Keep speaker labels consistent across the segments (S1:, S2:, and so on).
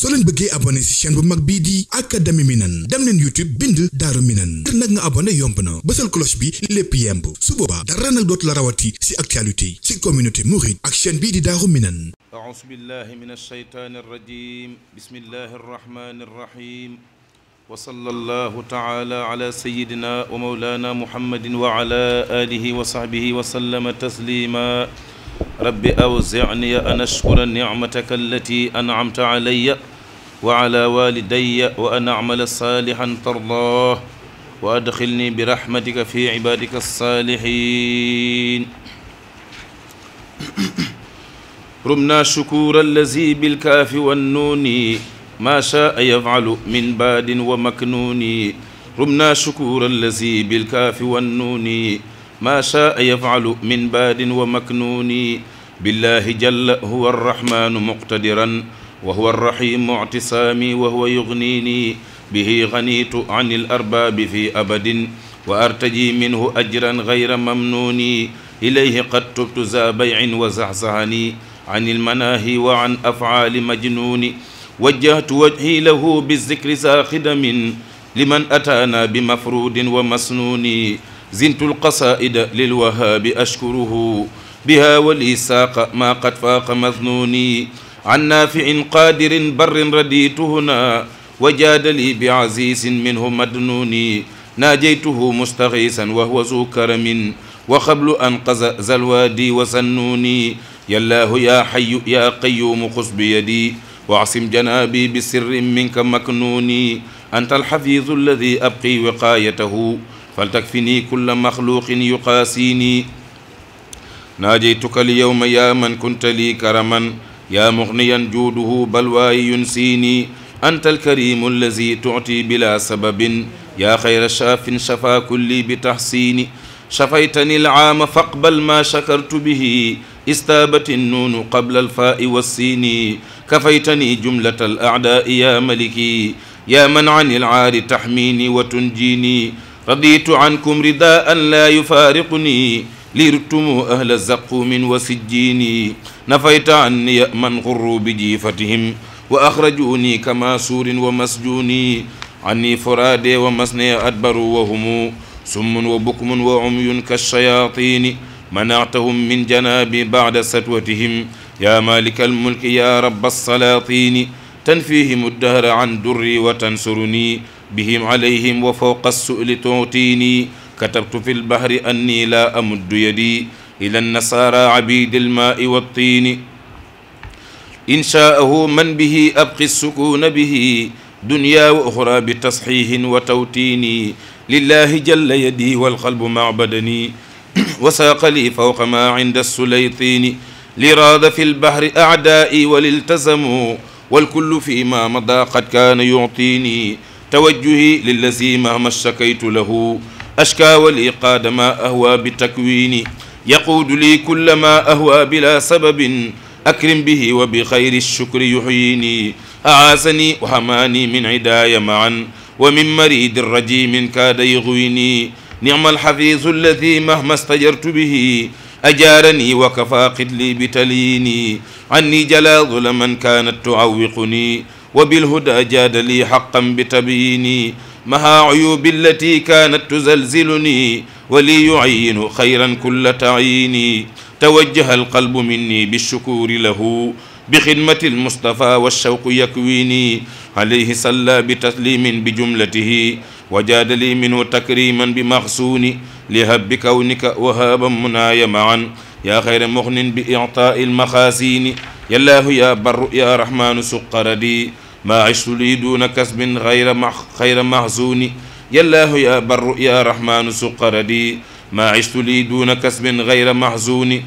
S1: soo leen bëggee abonné ci bu mag bii di académie Minane dem leen YouTube bind Daaru Minane ngir nag nga abonné yomb na bësal cloche bi lépp yemb su boobaa dara nag dootu la rawati ci actualité ci communauté mouride ak chaîne bii di Daaru Minane a'uuzu billahi minash shaytaanir rajiim bismillahir rahmaanir rahiim wa sallallahu ta'ala ala sayyidina wa mawlana muhammadin wa ala alihi wa sahbihi wa sallama taslima rabbi awzicni an ashkura nicmataka allati ancamta calaya wa ala walidaya wa an acmala saalixan tardaah wa adxilni bi raxmatika fi cibaadika alsaalixin rumna shukura allazi bilkaafi wannuuni maa shaa yafcalu min baadin wa maknuuni rumna shukura allazi bilkaafi wannuuni maa shaa yafcalu min baadin wa maknuuni billaahi jalla huwa arrahmaanu muqtadiran wa huwa arrahimu ictisaami wa huwa yugniini bihi ganiitu an il arbaabi fi abadin wa artaji minhu ajran gayra mamnuuni ilayhi qad tubtu za baycin wa saxsaxani an ilmanaahi wa an afcaali majnuuni wajjahtu wajhi lahu bizikri saa xidamin liman ataana bi mafruudin wa masnuuni zintu lqasaa'ida lilwahaabi ashkuruhu biha wali saaqa maa qad faaqa masnuuni an naafiin qaadirin barrin radiituhuna wa jaadali bi aziizin minhu madnuuni naajaytuhu mustaxiisan wa huwa zu karamin wa qablu an qaza zalwaadi wa sannuuni yallaahu yaa xayu yaa qayyuumu xus bi yadi wa asim janaabi bi sirrin minka maknuuni anta alxafiizu alladi abqi wiqaayatahu faltakfinii kulla maxluuqin yuqaasiini naajaytuka li yowma yaa man kunta lii karaman yaa muxniyan juuduhu balwaayi yunsiini anta alkarimu allazi tuuti bila sababin yaa xayra shaafin shafaa kulli bi taxsiini shafaytani alcaama faqbal maa shakartu bihi istaabat innuunu qabla alfaa'i wassiini kafaytani jumlata alacdaai yaa maliki yaa man can ilcaari taxmiini wa tunjiini raditu cankum ridaa an laa yufaariquni liirtumu ahla zaqumin wa sijjiini nafayta anni man xurru bi jiifatihim wa axrajuni kama suurin wa masjuuni anni furaade wa masnaya adbaru wa humu summun wa bukmun wa umyun kashayaatini manaatahum min janaabi baada satwatihim yaa maalika almulki yaa rabba salaatini tanfihim addahra an durri wa tansuruni bihim alayhim wa fawqa su'li tuutiini katabtu fi lbahri anni laa amuddu yadi ila nasaara abidi almaai waltiini inshaahu man bihi abqi sukuuna bihi dunya wa oxra bi tasxiihin wa tawtiini lillahi jalla yadi walqalbu maa badani wa saaqa lii fawqa maa inda sulaytiini li raada fi lbahri acdaai waliltasamu walkullu fi ma madaa qad kaana yuctiini tawajjuhi lillazi mahma shakaytu lahu ashka wali qaada ma ahwa bi takwiini yaquudu lii kulla ma ahwa bila sababin akrim bihi wa bi xayri shukri yuxyiini aasani wa hamaani min idaaya maan wa min maridi rajimin kaada yuxwiini nicma alxafiisu alladi mahma stajartu bihi ajaarani wa kafaa qidli bitaliini anni jalaadula man kaanat tuawiquni wa bilhuda jaada lii xaqan bitabiini maha uyubi allati kanat tuzalziluni wali yuayinu xayran kulla taayini tawajjaha alqalbu minni bilshukuri lahu بخدمة المصطفى والشوق يكويني عليه صلى بتسليم بجملته وجاد لي منه تكريما بمغصون لهب كونك وهابا مناي معا يا خير مغن بإعطاء المخاسين يا الله يا بر يا رحمن سق ردي maa asuli duuna kasbin xayra ma xayra mahzuuni yallaahu ya barru ya rahmaanu suqaradi maa asuli duuna kasbin xayra mahzuuni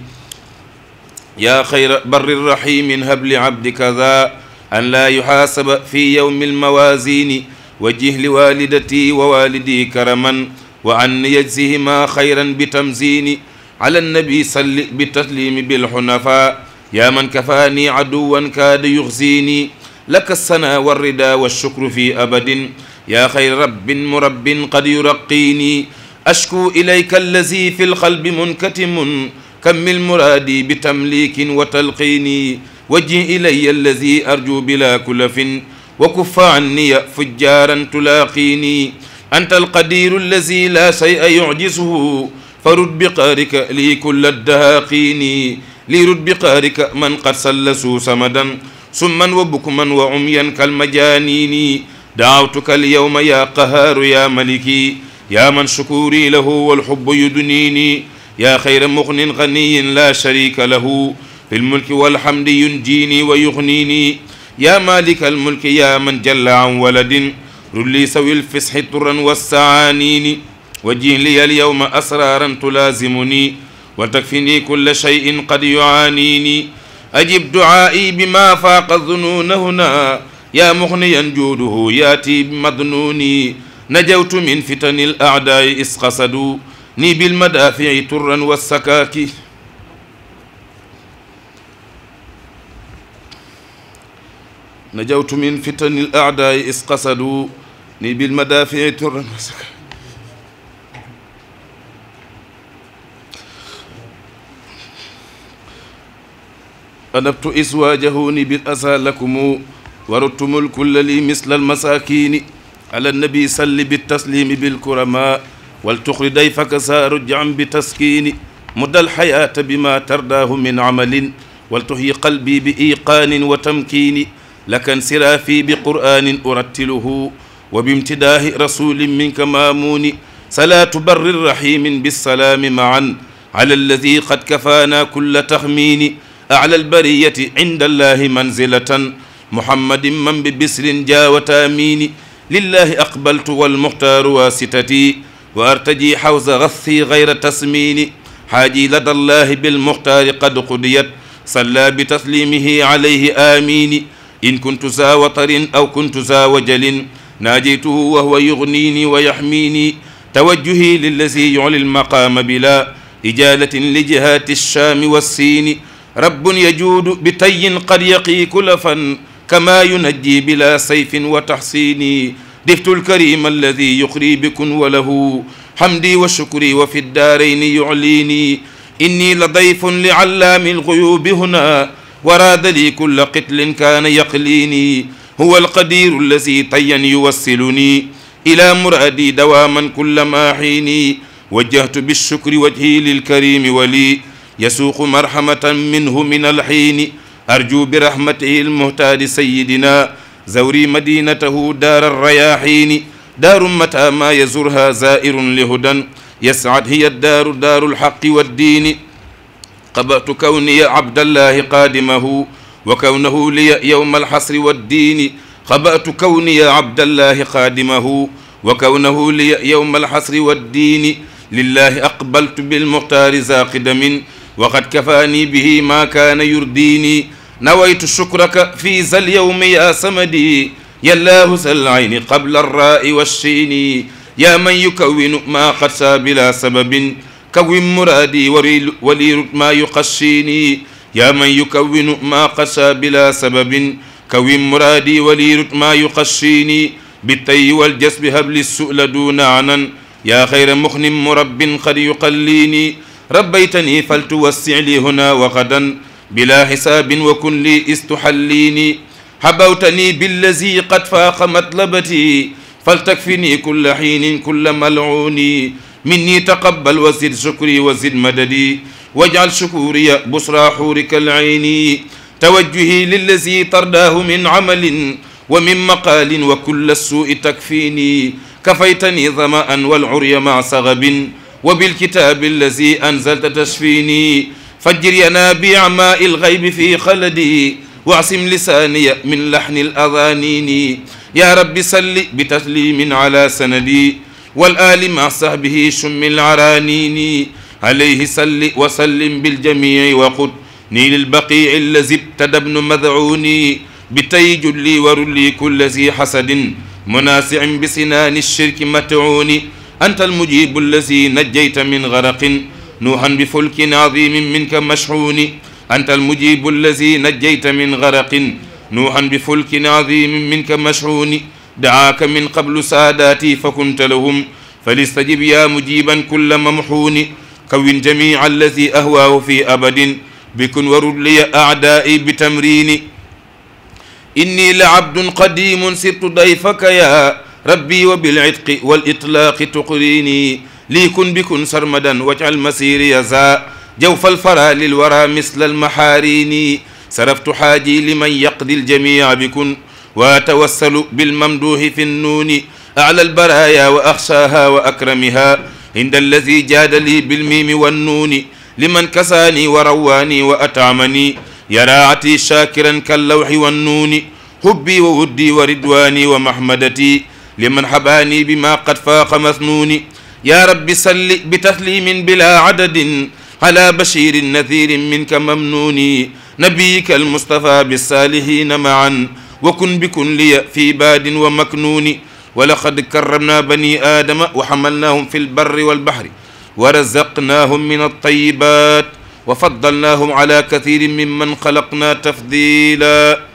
S1: yaa xayra barri rahimin habli abdi kaza an laa yuxaasaba fi yowmi almawaasini wa jihli waalidati wa waalidi karaman wa an yajzihima xayran bi tamzini ala annabi salli bi taslimi bilxunafa yaa man kafaani aduwan kaada yuxzini laka sana warrida walshukru fi abadin yaa xayra rabbin murabbin qad yuraqiini ashku ilayka allazi fi lqalbi munkatimun kammil muraadi bi tamlikin wa talqiini wajji ilaya allazi arju bila kulafin wa kuffa anniya fujjaaran tulaaqiini anta alqadiru allazi laa shay'a yucjisuhu farud bi qaarika lii kulla dahaaqiini lii rud bi qaarika man qad sallasuu samadan summan wa bukman wa umyan kalmajanini daawtuka alyawma ya qahaaru ya maliki ya man shukuuri lahu walxubbu yudniini ya xayra muxnin ganiyin la sharika lahu fi lmulki walhamdi yunjiini wa yuxniini ya malika almulki ya man jalla an waladin rulli sawi lfisxi turan wassaaniini wajjih liya alyawma asraaran tulaazimuni wa takfini kulla shayin qad yuaaniini ajib du'aa'i bima faaqa zunuuna huna yaa muxniyan juuduhu yaati madnuuni najawtu min fitani l aadaa'i isqasadu nii bil madaafi'i turran wa sakaaki najawtu min fitani l aadaa'i isqasadu nii bil madaafi'i turran wa sakaaki adabtu iswaajahuni bil asa lakumu waruttumul kulla li misla almasakini ala nabi salli bi taslimi bil kurama wal tuxri day faka saaru jaam bi taskini muddal xayaata bima tardaahu min amalin wal tuxyi qalbi bi iqaanin wa tamkiini lakan siraafi bi qur'aanin urattiluhu wa bimtidaahi rasulin minka maamuuni salaatu barrin rahimin bisalaami maan ala alladi qad kafaana kulla taxmiini ala albariyati inda allahi manzilatan muhammadin man bi bisrin jaawa taamini lillahi aqbaltu walmuxtaaru waasitati wa artaji xawsa gassi gayra tasmini xaaji lada allahi bilmuxtaari qad qudiyat salla bi taslimihi alayhi aamini in kuntu za watarin aw kuntu za wajalin naajeytuhu wa huwa yugnini wa yaxmini tawajjuhi lillazi yuli lmaqaama bila ijalatin li jihaati lchaami walsiini rabbun yajuudu bi tayyin qad yaqii kula fan kama yunajji bila sayfin wa taxsiini diftu lkarima alladi yuqri bikun wa lahu hamdi wa shukri wa fi ddaarayni yucliini inni la dayfun li allaami lguyuubi huna waraada li kulla qitlin kaana yaqliini huwa alqadiru alladi tayyan yuwassiluni ila muraadi dawaaman kullama xiini wajjahtu bishukri wajhi lilkarimi wali yasuuqu marhamatan minhu min alxiini arju bi rahmatihi almuhtaadi sayidina zawri madinatahu daar alrayaxiini daaru mata maa yazurha zairun lihudan yasad hiya daaru daaru alxaqi waddiini qabatu kawniya abdallahi qaadimahu wa kawnahu liya yowma alxasri waddiini qabatu kawniya abdallahi qaadimahu wa kawnahu liya yowma alxasri waddiini lillahi aqbaltu bilmuxtaari zaaqidamin waxad kafaani bihi maa kaana yurdiini nawaytu shukraka fii zal yawmi yaa samadi yallaahu sal ayni qabla arraa'i washiini yaa man yukawinu maa qad saa bila sababin kawin muraadi wari walirut maa yuqashiini yaa man yukawinu maa qad saa bila sababin kawin muraadi walirut maa yuqashiini bittayi waljasbi habli su'la duuna anan yaa xayra muxnin murabbin qad yuqalliini rabbaytani faltuwassi li huna wa gadan bila xisaabin wa kun li istuxalliini habawtani billazi qad faaqa matlabati faltakfini kulla xiinin kulla malcuuni minni taqabbal wa zid shukri wa zid madadi wajcal shukuriya busra xuurika alcayni tawajjuhi lillazi tardaahu min camalin wa min maqaalin wa kulla suui takfiini kafaytani zamaan walcurya maca sagabin wa bilkitaabi allazi anzalta tashfiini fajjir yanaa bi amaa ilxaybi fi xaladi waasim lisaaniya min laxni aladanini yaa rabbi salli bi taslimin ala sanadi wal aali ma sahbihi shummi laraanini alayhi salli wa sallim biljamici wa qud nii lilbaqici allazi btadabnu madcuuni bi tay julli warulli kulla zi xasadin munaasicin bi sinaani shirki matcuuni anta almujibu allazi najjayta min garaqin nuuhan bi fulkin azimin minka mashhuuni anta almujibu allazi najjayta min garaqin nuuhan bi fulkin azimin minka mashhuuni dacaaka min qablu saadaati fa kunta lahum فليستجب يا مجيبا كل ممحون كون جميع الذي أهواه في أبد بكن ورد لي أعدائي بتمرين إني لعبد قديم صرت ضيفك يا rabbi wa bil itqi wal itlaaqi tuqrini lii kun bi kun sarmadan wajal masiri yaza jawfal fara lil wara misla al maharini saraftu xaaji liman yaqdi al jamia bi kun wa tawassalu bil mamduhi fi nnuuni ala al baraya wa axshaha wa akramiha inda allazi jaada li bil mimi wan nuuni liman kasaani wa rawaani wa ataamani yaraati shakiran kal lawxi wan nuuni hubbi wa wuddi wa ridwaani wa mahmadati li man xabaanii bi maa qad faaqa masnuuni yaa rabbi salli bi taslimin bila adadin ala bashirin nadirin minka mamnuuni nabiyika almustafa bisaalihiina maan wa kun bikun liya fii baadin wa maknuuni wa laqad karramna bani aadama wa xamalnaahum fi lbarri walbaxri wa razaqnaahum min altayibaat wa faddalnaahum ala kathirin mimman xalaqna tafdila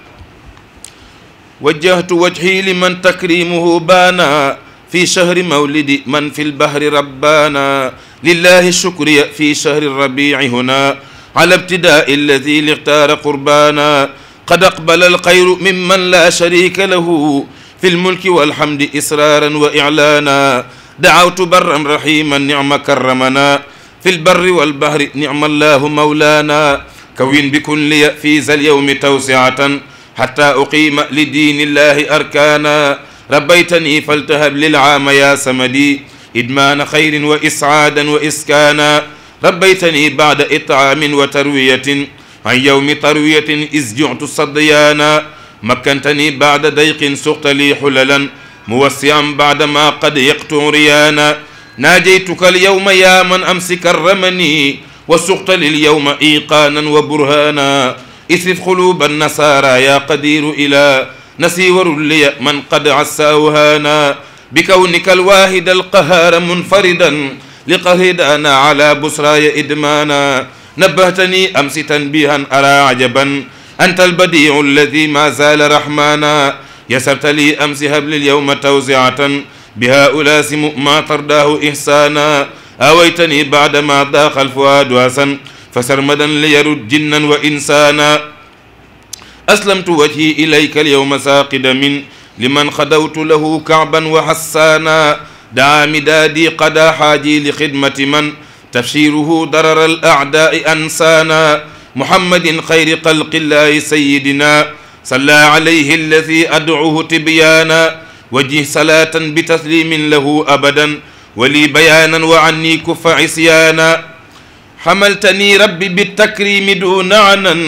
S1: wajjahtu wajhi liman takrimuhu baana fi shahri mawlidi man fi lbahri rabbaana lillahi shukriya fi shahri rabici huna ala ibtidaai alladi lixtaara qurbaana qad aqbala alxayru mimman laa sharika lahu fi lmulki walhamdi israaran wa iclaana dacawtu barran raximan nicma karramana fi lbarri walbahri nicma allahu mawlaana kawin bikunliya fi zal yawmi tawsiatan xata uqiima li diinillahi arkaana rabbaytani faltahab lilaama ya samadi idmaana xayrin wa isaadan wa iskaana rabbaytani baada itaamin wa tarwiyatin an yowmi tarwiyatin is jutu sadyaana makkantani baada dayqin suqta li xulalan muwassiyan baada ma qad yaqtu riyaana naajaytuka alyowma yaa man amsika ramani wa suqta lilyowma iqaanan wa burhaana isrif xuluba nasara ya qadiru ila nasiwaru liya man qad assawhana bi kawnika alwahida alqahara munfaridan liqahidana ala busraya idmana nabahtani amsi tanbihan ara ajaban anta albadiu alladi ma zala rahmana yasarta li amsi habli lyawma tawsiatan bihaula simu ma tardaahu ihsana awaytani bada ma daqa alfuaadu hasan fa sarmadan li yarut jinnan wa insaana aslamtu wajhi ilayka alyawma saaqida min liman xadawtu lahu kaaban wa hassaana daa midaadi qadaa xaaji li xidmati man tafsiruhu darar al aadaai ansaana muhammadin xayri xalqillaahi sayidina salla alayhi alladi adcuhu tibyaana wajih salaatan bi taslimin lahu abadan wa li bayaanan wa anni kufa isyaana xamaltani rabbi bi takrimi duuna anan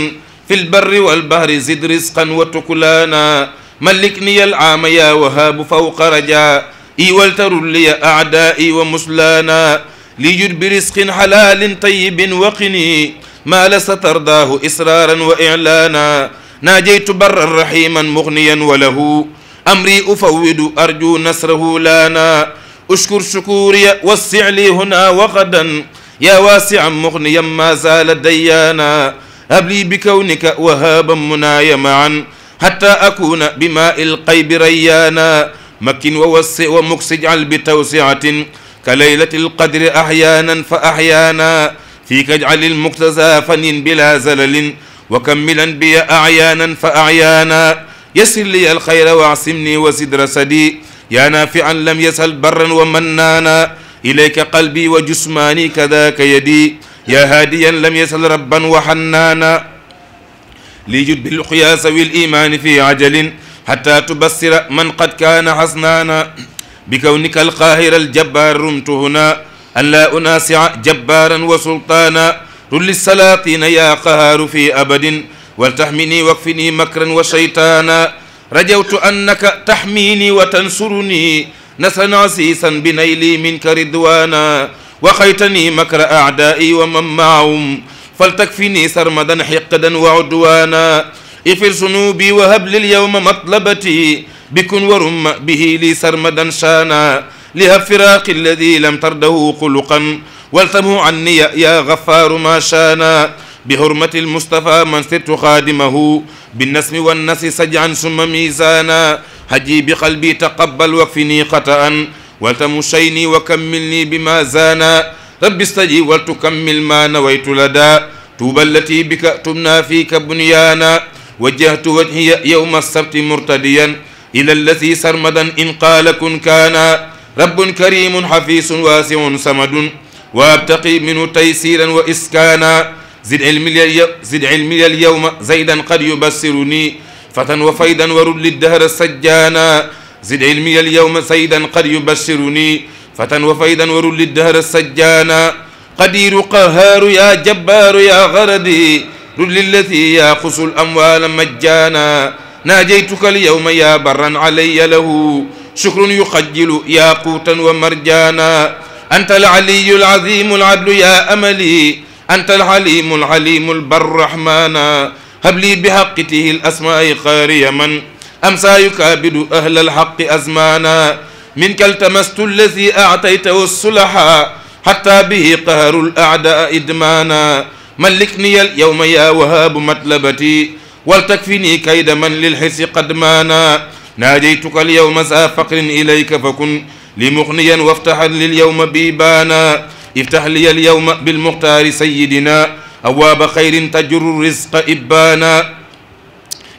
S1: fi lbarri walbahri zid risqan wa tukulaana malik niya alaama ya wahaabu fawqa raja i waltarul liya aadaai wa muslaana li jud bi risqin xalaalin tayibin waqini maa lasa tardaahu israaran wa ilaana naajeytu barran rahiman mugniyan wa lahu amri ufawwidu arju nasrahu laana ushkur shukuriya wassili huna waqadan yaa waasi'an mughniyan maa zaala dayyaana habli bi kawnika wahaaban munaaya ma'an hattaa akuuna bimaa'il qaybi rayyaana makkin wa wassi wa muksij'al bi tawsi'atin ka laylatil qadri ahyaanan fa ahyaana fiika ij'alil muktazaa fanin bilaa zalalin wa kammilan biya ahyaanan fa ahyaana yassir liya al khayra wa'simnii wa sidra sadii yaa naafi'an lam yas'al barran wa mannaana ilayka qalbi wa jusmaani kadaka yadi ya haadiyan lam yasal rabban wa xannaana lii jud bi luqyaa sawi limaani fi ajalin xata tubassira man qad kaana xasnaana bi kawnika alqaahira aljabbaar rumtu huna an laa unaasica jabbaaran wa sultaana rulli salaatina yaa qahaaru fi abadin waltaxminii wakfinii makran wa shaytaana rajawtu annaka taxmiinii wa tansurunii نسنا سيسا بنيلي منك رضوانا وخيتني مكر أعدائي ومن معهم فلتكفني سرمدا حقدا وعدوانا اغفر ذنوبي وهب لي اليوم مطلبتي بكن ورم به لي سرمدا شانا لهب فراقي الذي لم ترده قلقا والتمه عني يا غفار ما شانا بحرمة المصطفى من سرت خادمه بالنسم والنس سجعا ثم ميزانا haji bi qalbi taqabbal wakfini xataan waltamushayni wa kammilni bima zaana rabbi stajib wal tukammil ma nawaytu ladaa tuuba allati bika tubna fiika bunyaana wajjahtu wajhiya yawma sabti murtadiyan ila allati sarmadan in qaala kun kaana rabbun karimun hafisun waasiun samadun wa abtaqi minhu taysiran wa iskaana zid ilmi zid ilmi al yawma zaydan qad yubassiruni fatan wa faydan warul li dahra sajjaana zid ilmi alyawma saydan qad yubashiruni fatan wa faydan warul li dahra sajjaana qadiru qahaaru yaa jabbaaru yaa garadi rud lillati yaaxusu lamwaala majjaana naajaytuka alyawma yaa barran alaya lahu shukrun yuxajjilu yaaquutan wa marjaana anta alcaliyu alcazimu alcadlu yaa amali anta alcalimu alcalimu albarrahmaana habli bi haqqitihi l asmaai xaariya man amsa yukaabidu ahla alxaqi azmaana minka ltamastu allazi aatayta wassulaha xatta bihi qaharu l aadaa idmaana mallikniya l yowma yaa wahaabu matlabati waltakfini kayda man lilxisi qadmaana naajaytuka l yowma saa faqrin ilayka fakun li muxniyan waftaxan lil yowma biibaana iftax liya l yowma bilmuxtaari sayidina awaaba xayrin tajuru risqa ibbaana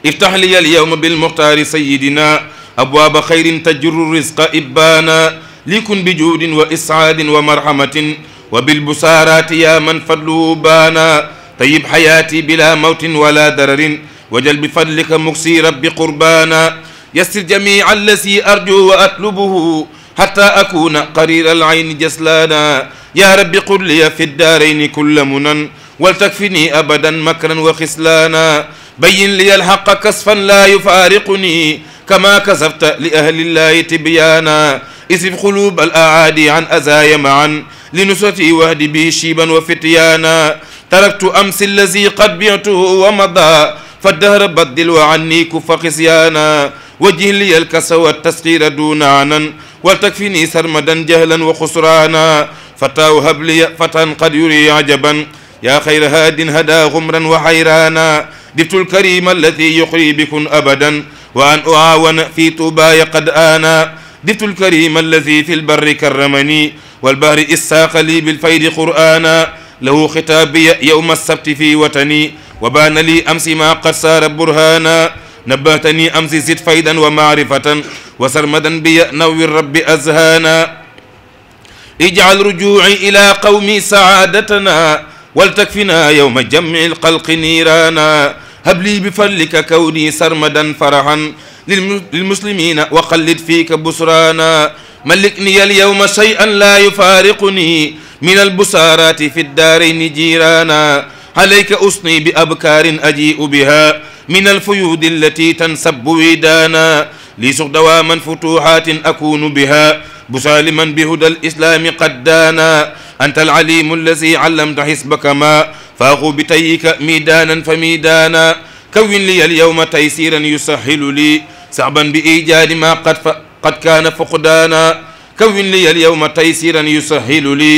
S1: iftax liya alyawma bilmuxtaari sayidina abwaaba xayrin tajuru risqa ibbaana likun bi juudin wa iscaadin wa marxamatin wa bilbusaaraati yaa man fadluhu baana tayib xayaati bila mawtin wala dararin wajal bi fadlika muksi rabbi qurbaana yassir jamii allasi arju wa atlubuhu xata akuuna qariir al ayni jaslaana yaa rabbi qud liya fi ddaarayni kulla munan wal takfini abadan makran wa xislaana bayin li alxaqa kasfan laa yufaariquni kama kasafta li ahlillahi tibyaana isib xuluub al aadi an azaya maan li nusrati wahdi bi shiiban wa fityaana taraktu amsi allazi qad bictuhu wa mada fa dahra baddil wa anni kufa xisyaana wajih li alkasa wa tasxiira duuna anan wal takfini sarmadan jahlan wa xusraana fataaw habliya fatan qad yuri ajaban yaa xayra haadin hadaa xumran wa xayraana diftul karima allati yuxri bikun abadan wa an uaawana fi tuubaaya qad aana diftul karima allati fi lbarri karramani walbahri issaaqa li bilfaydi qur'aana lahu xitaabiya yowma sabti fi watani wa baana li amsi maa qad saara burhaana nabbahtani amsi zid faydan wa maarifatan wa sarmadan biya nawwi rabbi azhaana ijcal rujuuci ila qawmi saadatana wal takfina yawma jam'il xalqi niiraana habli bi fadlika kawni sarmadan farahan lil muslimina wa xallid fiika busraana malikni al yawma shay'an laa yufaariquni min al busaarati fi daarayni jiiraana alayka usni bi abkaarin aji'u biha min al fuyuudi allati tansabu widaana lii suq dawaaman futuhaatin akunu biha بسالما بهدى الإسلام قد دانا أنت العليم الذي علمت حسبك ما فاخو بتيك ميدانا فميدانا كون لي اليوم تيسيرا يسهل لي صعبا بإيجاد ما قد ف... قد كان فقدانا كون لي اليوم تيسيرا يسهل لي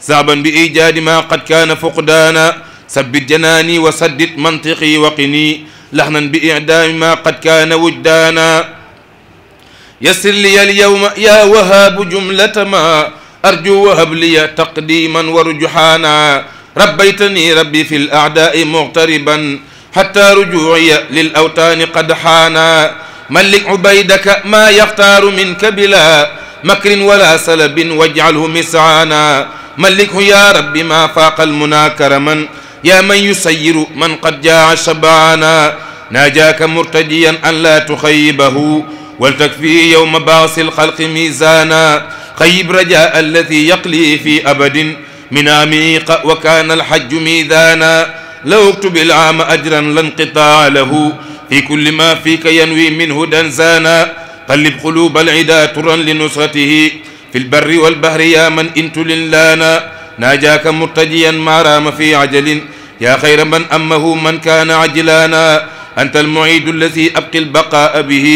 S1: صعبا بإيجاد ما قد كان فقدانا ثبت جناني وسدد منطقي وقني لحنا بإعدام ما قد كان وجدانا yassir liya alyawma ya wahaabu jumlatama arju wahab liya taqdiman wa rujuhaana rabbaytani rabbi fi laadaai muqtariban xata rujuuya lil awtaani qad xaana malik ubaydaka maa yaxtaaru minka bila makrin wala salabin wajcalhu misaana malikhu ya rabbi maa faaqa almuna karaman yaa man yusayiru man qad jaa shabaana naajaaka murtajiyan an laa tuxayibahu ولتكفي يوم باعث الخلق ميزانا خيب رجاء الذي يقلي في أبد من عميق وكان الحج ميزانا لو اكتب العام أجرا لانقطاع له في كل ما فيك ينوي منه دنزانا قلب قلوب العدا ترا لنصرته في البر والبحر يا من انت لنا ناجاك مرتجيا ما رام في عجل يا خير من أمه من كان عجلانا أنت المعيد الذي أبقي البقاء به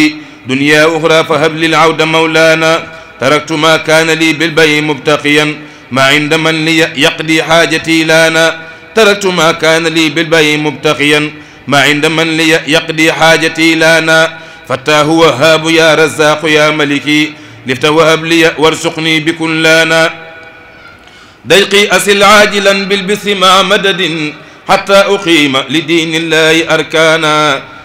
S1: دنيا أخرى فهب لي العود مولانا تركت ما كان لي بالبيع مبتقيا ما عند من لي يقضي حاجتي لانا تركت ما كان لي بالبيع مبتقيا ما عند من لي يقضي حاجتي لانا فتاه وهاب يا رزاق يا ملكي لفت وهب لي وارزقني بكن لانا ديقي أسل عاجلا بالبث مع مدد حتى أقيم لدين الله أركانا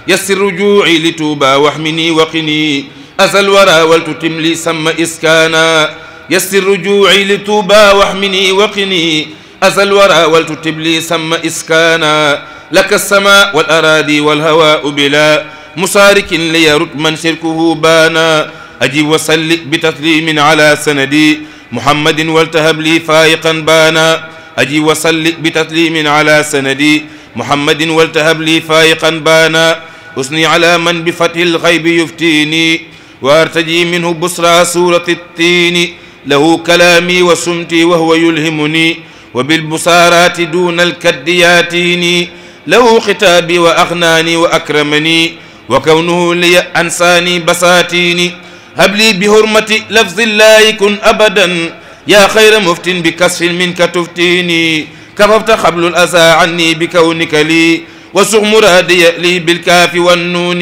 S1: yassir rujuu'i li tuuba wax mi nii waqi nii asal wara waltu tim li sama iskaana yassir rujuu'i li tuuba wax mi nii waqi nii asal wara waltu tim li sama iskaana laka sama wal araadi wal hawaa bila musaarikin li yarut man shirkuhu baana ajib wa salli bi taslimin ala sanadi muhammadin waltahab li faayiqan baana ajib wa salli bi taslimin ala sanadi muhammadin waltahab li faayiqan baana usni ala man bi fathil xaybi yuftiini wa artaji minhu busra suurati tiini lahu kalaami wa sumti wa huwa yulhimuni wa bilbusaaraati duuna alkaddi yaatiini lahu xitaabi wa axnaani wa akramani wa kawnuhu liya ansaani basaatiini habli bi hurmati lafzillahi kun abadan yaa xayra muftin bi kasfin minka tuftiini kafafta xablul asaa anni bi kawnika lii وسغ مرادي لي بالكاف والنون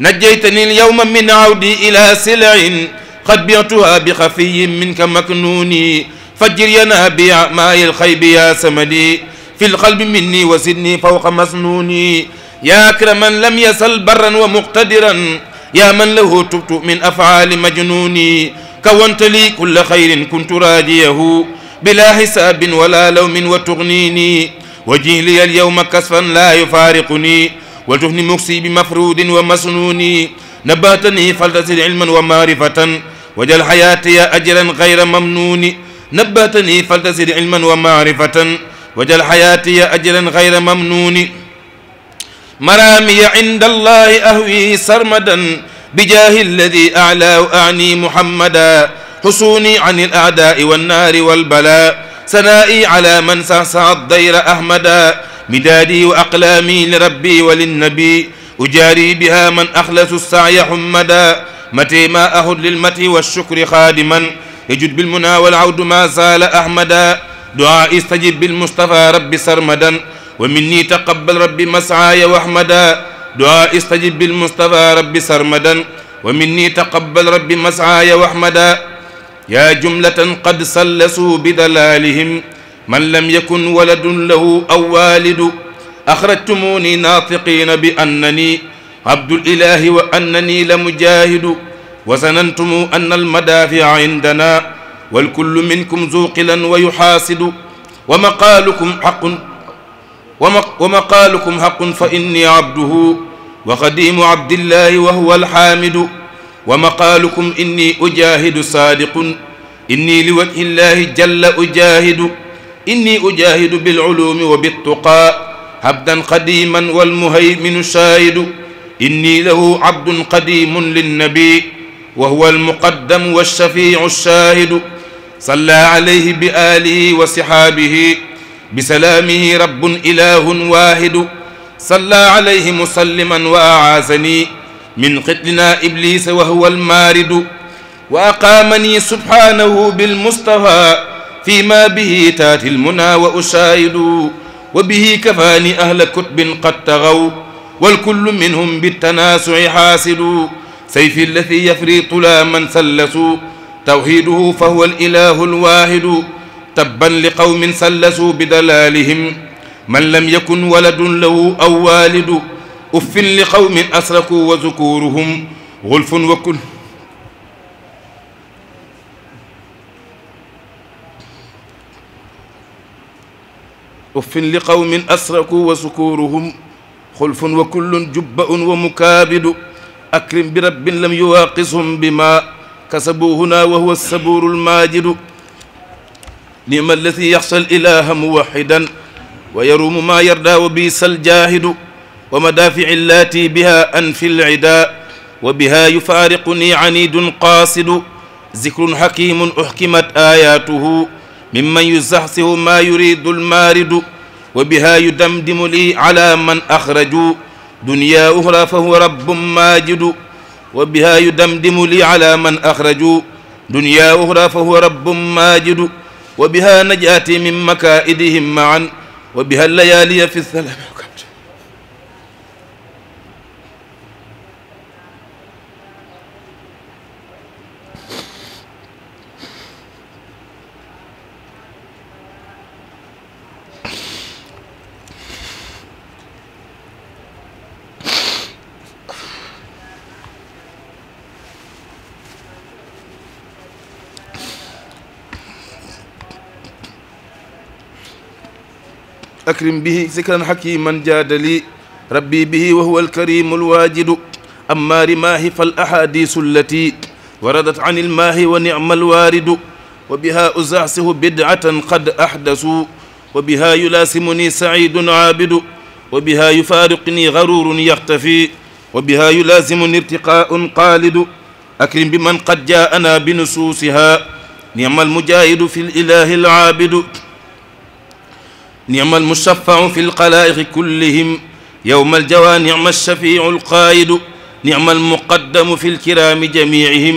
S1: نجيتني اليوم من عودي إلى سلع قد بعتها بخفي منك مكنوني فجر ينابيع ماء الخيب يا سمدي في القلب مني وزدني فوق مسنوني يا أكرما لم يسل برا ومقتدرا يا من له تبت من أفعال مجنوني كونت لي كل خير كنت راجيه بلا حساب ولا لوم وتغنيني wa jihliya alyawma kasfan laa yufaariquni wa tuhni muksi bi mafrudin wa masnuni nabatani faltasid ilman wa maarifatan wajal xayaatiya ajran gayra mamnuni nabatani faltasid ilman wa maarifatan wajal xayaatiya ajran gayra mamnuni maraamiya inda allahi ahwi sarmadan bijaahi alladi alaa ani muhammadan xusuuni an al a'daai wannaari walbalaa ثنائي على من سعسع الدير أحمدا مدادي وأقلامي لربي وللنبي أجاري بها من أخلص السعي حمدا متى ما أهد للمت والشكر خادما يجد بالمنى والعود ما زال أحمدا دعاء استجب بالمصطفى رب سرمدا ومني تقبل رب مسعاي وأحمدا دعاء استجب بالمصطفى رب سرمدا ومني تقبل رب مسعاي وأحمدا yaa jumlatan qad sallasuu bi dalaalihim man lam yakun waladun lahu aw waalidu axrajtumuuni naatiqiina bi annani abdul ilaahi wa annani la mujaahidu wa sanantumu anna almadaafica indana walkullu minkum zuuqilan wa yuxaasidu wa maqaalukum xaqun wa maqaalukum xaqun fa inni abduhu wa xadiimu abdillahi wa huwa alxaamidu wa maqaalukum inni ujaahidu saadiqun inni li wajhi llahi jalla ujaahidu inni ujaahidu bilculuumi wa bittuqaa habdan qadiiman walmuhayminu shaahidu inni lahu abdun qadiimun linnabi wa huwa almuqaddamu walshafiicu shaahidu salla alayhi bi aalihi wa sixaabihi bisalaamihi rabbun ilaahun waahidu salla alayhi musalliman wa acaazanii min xitlinaa iblisa wa huwa almaaridu wa aqaamanii subhaanahu bilmustafa fi ma bihi taati lmuna wa ushaayidu wa bihi kafaani ahla kutbin qad taxaw walkullu minhum bittanaasuci xaasidu sayfi allati yafri tulaa man sallasu tawxiiduhu fa huwa alilahu alwaahidu tabban li qawmin sallasuu bidalaalihim man lam yakun waladun lahu aw waalidu uffin li qawmin asraku wa zukuruhum xulfun wakkul uffin li qawmin asraku wa zukuruhum xulfun wa kullun jubba'un wa mukaabidu akrim bi rabbin lam yuwaaqishum bima kasabu huna wa huwa sabuuru lmaajidu nima alladi yaxsha alilaha muwaxidan wa yarumu maa yardaa wa biisa aljaahidu wa madaafici allaati biha anfi lcida wa biha yufaariquni canidun qaasidu zikrun xakimun uxkimat aayaatuhu mimman yusaxsihu maa yuridu almaaridu wa biha yudamdimu lii cala man axraju duniya uxra fa huwa rabbun maajidu wa biha yudamdimu lii cala man axraju duniya uxra fa huwa rabbun maajidu wa biha najaati min makaa'idihim macan wa biha allayaaliya fi salami akrim bihi zikran hakiman jaadali rabbi bihi wa huwa alkarimu alwaajidu amma rimaahi fal ahadisu allati waradat an ilmaahi wa nicma alwaaridu wa biha uzaxsihu bidcatan qad axdasu wa biha yulaasimuni sacidun caabidu wa biha yufaariquni garuurun yaxtafi wa biha yulaasimuni irtiqaaun qaalidu akrim bi man qad jaa'anaa bi nusuusiha nicma almujaahidu fi lilahi alcaabidu nicma almusafaau fi lxalaayiqi kullihim yowma aljawaa nicma alshafiicu alqaayidu nicma almuqaddamu fi lkiraami jamiicihim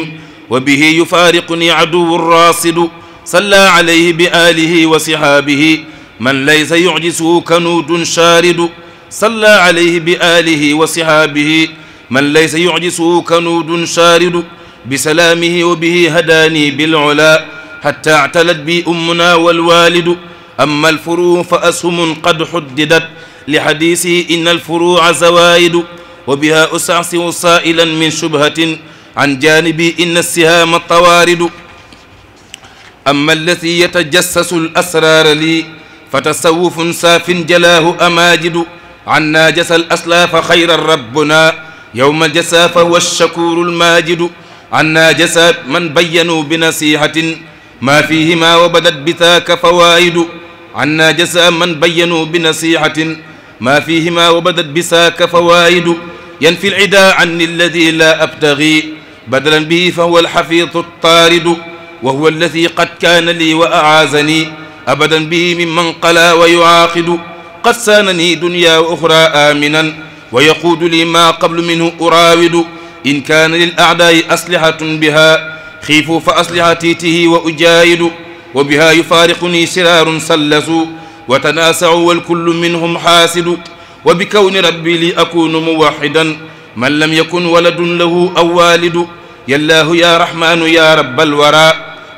S1: wa bihi yufaariquni caduwu raasidu salla alayhi bi aalihi wa sihaabihi man laysa yucjisuhu kanuudun shaaridu salla alayhi bi aalihi wa sihaabihi man laysa yucjisuhu kanuudun shaaridu bisalaamihi wa bihi hadaani bilculaa xatta actalat bi ummuna walwaalidu amma alfuruu fa ashumun qad xuddidat li xadiisi inna alfuruuca zawaayidu wa biha usacsiu saailan min shubhatin an jaanibi inna assihaama tawaaridu amma allati yatajassasu alasraara lii fa tasawufun saafin jalaahu amaajidu annaa jasa alaslaafa xayra rabbuna yowma jasa fa huwa alshakuru almaajidu annaa jasa man bayyanuu bi nasihatin maa fihima wa badat bitaaka fawaayidu anna jasa man bayyanu bi nasihatin maa fihima wa badat bisaaka fawaayidu yanfi lida an alladi la abtagi badalan bihi fa huwa alxafiidu altaaridu wa huwa alladi qad kaana lii wa aazani abadan bihi mimman qala wa yuaaqidu qad saananii dunya wa oxra aaminan wa yaquudu li maa qablu minhu uraawidu in kaana lil acdaai aslixatun biha xiifu fa aslixatiitihi wa ujaayidu wa biha yufaariquni siraarun sallasu wa tanaasacu walkullu minhum xaasidu wa bi kawni rabbi li akunu muwaxidan man lam yakun waladun lahu aw waalidu yallaahu ya raxmaanu ya rabbal wara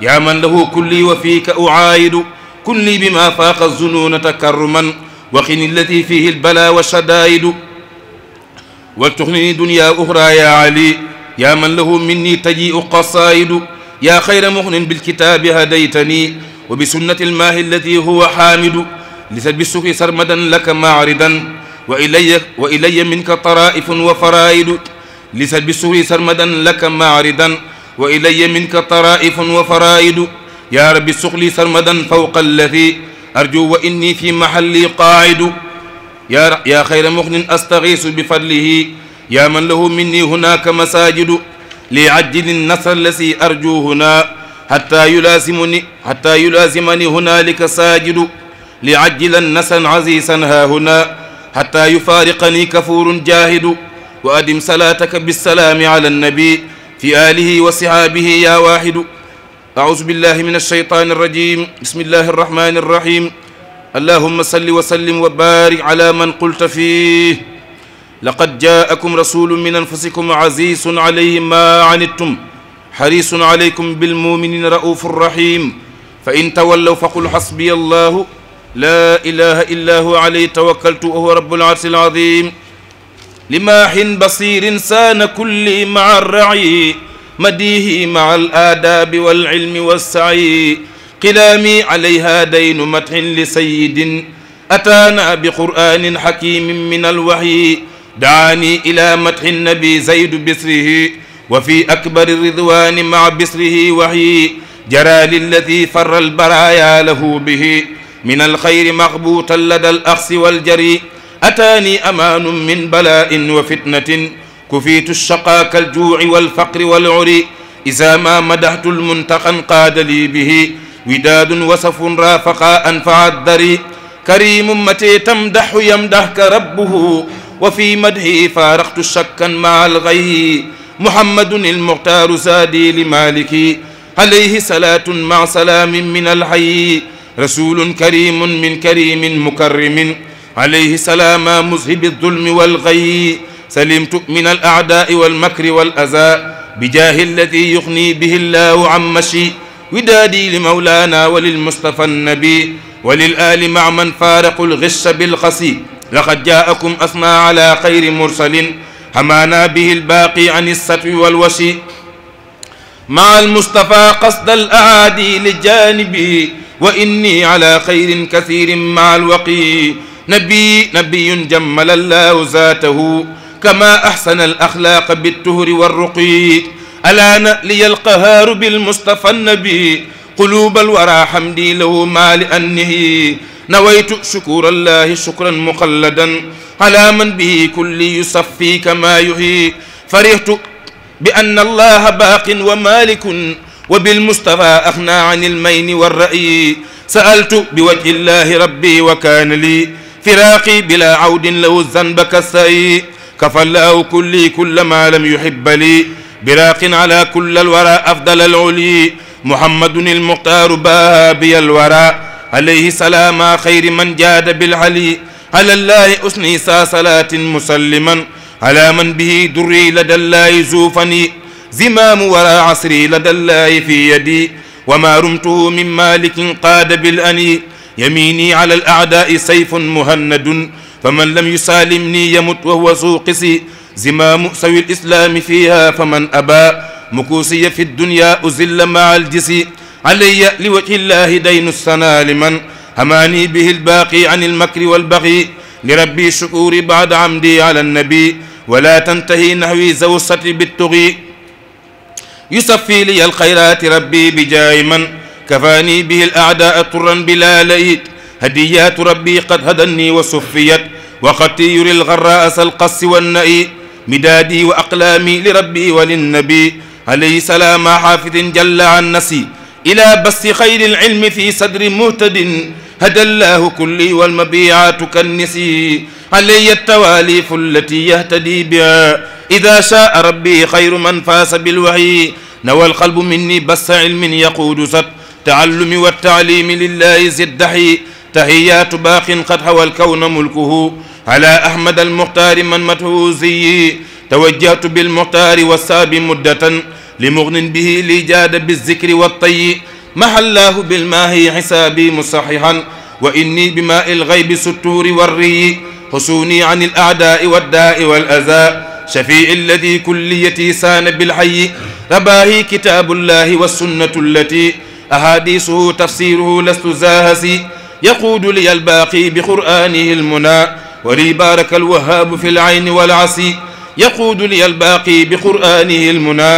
S1: ya man lahu kulli wa fiika ucaayidu kun lii bima faaqa zunuuna takarruman wa qini allati fihi albalaa wa shadaayidu wa tuxnini dunya uxra ya ali ya man lahu minni tajiu qasaayidu yaa xayra muxnin bilkitaabi hadaytani wa bi sunnati almaahi allati huwa xaamidu li sa bisuki sarmadan laka maaridan wa ilaya wa ilaya minka taraifun wa faraidu li sa bisuki sarmadan laka maaridan wa ilaya minka taraifun wa faraidu yaa rabbi suxli sarmadan fawqa allati arju wa inni fi mahalli qaaidu yaa yaa xayra muxnin astagiisu bi fadlihi yaa man lahu minni hunaaka masaajidu li ajjili nasr allasi arju huna xata yulaasimuni xata yulaasimani hunaalika saajidu li ajjilan nasran azisan ha huna xata yufaariqani kafurun jaahidu wa adim salaataka bisalaami ala annabi fi alihi wa sihaabihi ya waaxidu أعوذ بالله من الشيطان الرجيم بسم الله الرحمن الرحيم اللهم صل وسلم وبارك على من قلت فيه laqad jaakum rasulun min anfusikum azizun alayhi ma anittum xarisun alaykum bilmuminina raufun rahim fa in tawallaw faqul xasbiya allahu la ilaha illa huwa alayhi tawakkaltu wa huwa rabbul arshil azim limaahin basirin saana kulli maa rayi madiihi maa al aadaabi wal ilmi wassaayi qidaami alayha daynu matxin li sayidin ataana bi qur'aanin xakimin min alwaxyi daani ila mathi nabi zaydu bisrihi wa fi akbari ridwani maa bisrihi waxyi jara lillati farra albaraya lahu bihi min alxayri maxbuutan lada al axsi waljari ataani amaanu min bala'in wa fitnatin kufiitu shaqaa kaljuuci walfaqri walcuri isa ma madaxtu lmuntaqan qaada lii bihi widaadun wasafun raafaqa anfaca dari karimu matee tamdaxu yamdaxka rabbuhu wa fi madhi faaraxtu shakkan ma algayhi muhammadun ilmuxtaaru saadi li maliki alayhi salaatun ma salaamin min alxayi rasulun karimun min karimin mukarrimin alayhi salaama muzhibi dulmi walgayyi salimtu min alaadaai walmakri walaza bijaahi alladi yuxni bihi llahu an mashi widaadi li mawlaana wa lilmustafa annabi wa lil aali maa man faaraqu lgisha bilxasi laqad jaakum asna ala xayri mursalin xamaana bihi albaaqi an alsatwi walwasi maa almustafa qasda alaadi li janibi wa inni ala xayrin kathirin maa alwaqi nabi nabiyun jammala allahu zaatahu kama axsana alaxlaaqa bittuhri walruqi alaana liya alqahaaru bilmustafa nabi قلوب الورى حمدي له ما لأنه نويت شكور الله شكرا مخلدا على من به كل يصفي كما يهي فرحت بأن الله باق ومالك وبالمصطفى أغنى عن المين والرأي سألت بوجه الله ربي وكان لي فراقي بلا عود له الذنب كالسعي كفى الله كلي كل ما لم يحب لي براق على كل الورى أفضل العلي muhammadun il muxtaaru baabiyal wara alayhi salaama xayri man jaada bil ali alallahi usni saa salaatin musalliman ala man bihi durri la dallaayi zuufani zimaamu wara asri la dallaayi fi yadi wa maa rumtuhu min malikin qaada bil ani yamiini ala al aadaai sayfun muhannadun fa man lam yusalimni yamut wa huwa suuqisi zimaamu sawi l islaami fiiha fa man abaa mukuusiya fi dunya uzilla maa aljisi alayya li wajhi llahi daynu sana liman hamaanii bihi lbaaqi an ilmakri walbaqi li rabbi shukuuri baada amdi ala annabi wala tantahi nahwi zawsati bittugi yusafi liya alxayraati rabbi bijaayi man kafaanii bihi alaadaa turan bila layi hadiyaatu rabbi qad hadanii wa suffiyat waqati yuri lgarraa salqassi wanna'i midaadi wa aqlaami li rabbi wa linnabi alayhi salaam xaafidin jalla an nasi ila basti xayri lilmi fi sadri muhtadin hadallaahu kulli walmabiatu kannisi alayya tawaalifu allati yahtadi biha ida shaa rabbi xayru man faasa bilwaxyi nawa alqalbu minni basta ilmin yaquudu sat taallumi waltaalimi lillahi ziddaxi tahiyaatu baaqin qad hawa alkawna mulkuhu ala ahmad almuxtaari man mathuuziyi توجهت بالمختار والساب مدة لمغن به لي جاد بالذكر والطي محلاه بالماهي حسابي مصححا وإني بماء الغيب ستور والري حصوني عن الأعداء والداء والأذى شفيع الذي كليتي سان بالحي رباهي كتاب الله والسنة التي أحاديثه تفسيره لست زاهسي يقود لي الباقي بقرآنه المنى ولي بارك الوهاب في العين والعسي yaquudu li albaaqi bi qur'aanihi almuna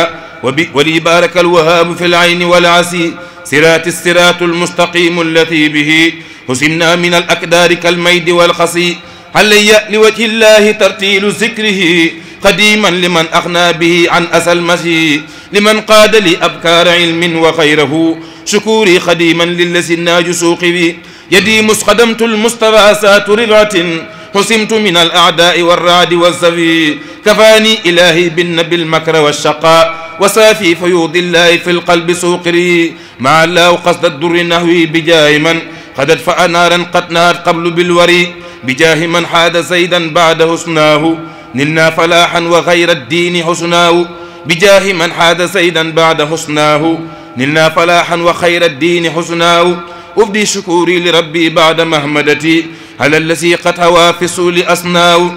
S1: wa bi wa li baaraka alwahaabu fi alayni walasi siraati siraatu almustaqimu allati bihi husimna min alakdaari kalmaydi walxasi alayya li wajhi llahi tartilu zikrihi qadiman liman axnaa bihi an asal mashi liman qaada li abkaara ilmin wa xayrahu sukuri qadiman lillazi naaju suuqi bi yadi musqadamtu almustafa saatu ribatin xusimtu min al aadaai warraadi wasafi kafaani ilahi binnabi lmakra walshaqa wasaafi fayuudi llahi fi lqalbi suuqiri maa laaw qasda durri nahwi bijaahi man xadat fa anaaran qad naat qablu bilwari bijaahi man xaada zaydan baada husnaahu nilnaa falaaxan wa gayra ddiini husnaahu bijaahi man xaada zaydan baada husnaahu nilnaa falaaxan wa xayra ddiini husnaahu ufdi shukuuri li rabbi baada mahmadati على الذي قد هوى في السؤل أسناو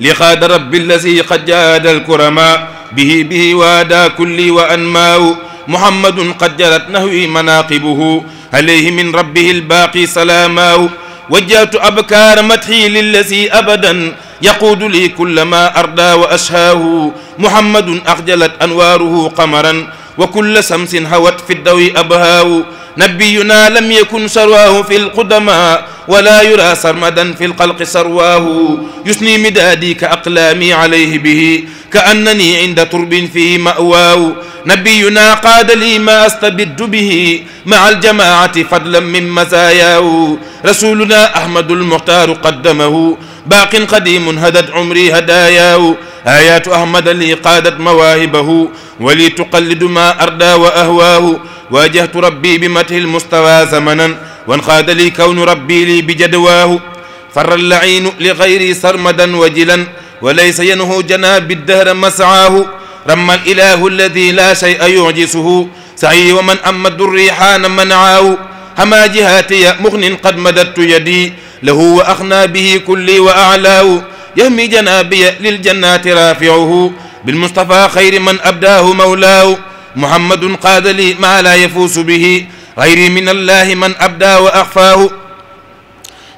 S1: لقاد رب الذي قد جاد الكرماء به به وادا كلي وأنماو محمد قد جرت نهوي مناقبه عليه من ربه الباقي سلاماو وجهت أبكار مدحي للذي أبدا يقود لي كل ما أردى وأشهاه محمد أخجلت أنواره قمرا وكل سمس هوت في الدوي أبهاو نبينا لم يكن سرواه في القدماء ولا يرى سرمدا في القلق سرواه يسني مدادي كأقلامي عليه به كأنني عند ترب فيه مأواه نبينا قاد لي ما أستبد به مع الجماعة فضلا من مزاياه رسولنا أحمد المختار قدمه باق قديم هدت عمري هداياه آيات أحمد لي قادت مواهبه ولي تقلد ما أردى وأهواه واجهت ربي بمته المستوى زمنا وانقاد لي كون ربي لي بجدواه فر اللعين لغيري سرمدا وجلا وليس ينهو جناب الدهر مسعاه رمى الإله الذي لا شيء يعجزه سعي ومن أما الريحان منعاه هما جهاتي مغن قد مددت يدي له وأخنى به كلي وأعلاه يهمي جنابي للجنات رافعه بالمصطفى خير من أبداه مولاه محمد قاد لي ما لا يفوس به xayri min allahi man abdaa wa axfaahu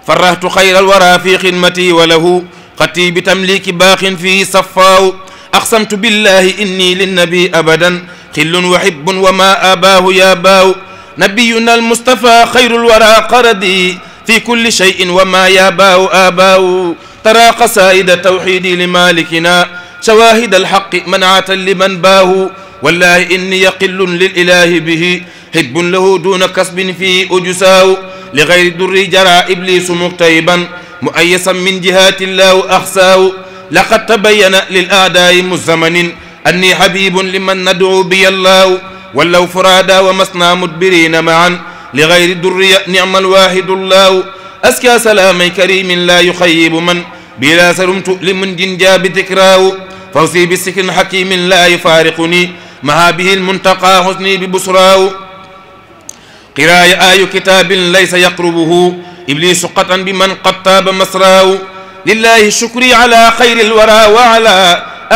S1: farahtu xayra alwara fi xidmati wa lahu xati bi tamliki baaxin fii safaawu aqsamtu billahi inni linnabi abadan xillun wa hibbun wa ma abaahu yaa baawu nabiyuna almustafa xayru lwara qaradi fi kulli cheyin wa ma yaa baawu abaawu tara qasaida tawxidi li malikina shawahida alxaqi manaatan liman baahu wallahi inni yaqillun lil ilahi bihi xijbun lahu duna kasbin fii ujusaaw li gayri durri jara iblisu muqtayban muayasan min jihati llahu axsaaw laqad tabayana lil aadaayi muzamanin anni habibun liman nad'u biya llaahu wallaw furaada wa masna mudbirina maan li gayri durriya nimal waahidu llaahu aska salaamay karimin laa yuxayibu man bila sarumtu li mun jin jaabi tikraawu fawsi bi sikrin hakimin laa yufaariquni maha bihi lmuntaqa husni bi busraawu qiraaya aayu kitaabin laysa yaqrubuhu iblisu qatan bi man qad taaba masraawu lillahi shukri ala xayri alwara wa ala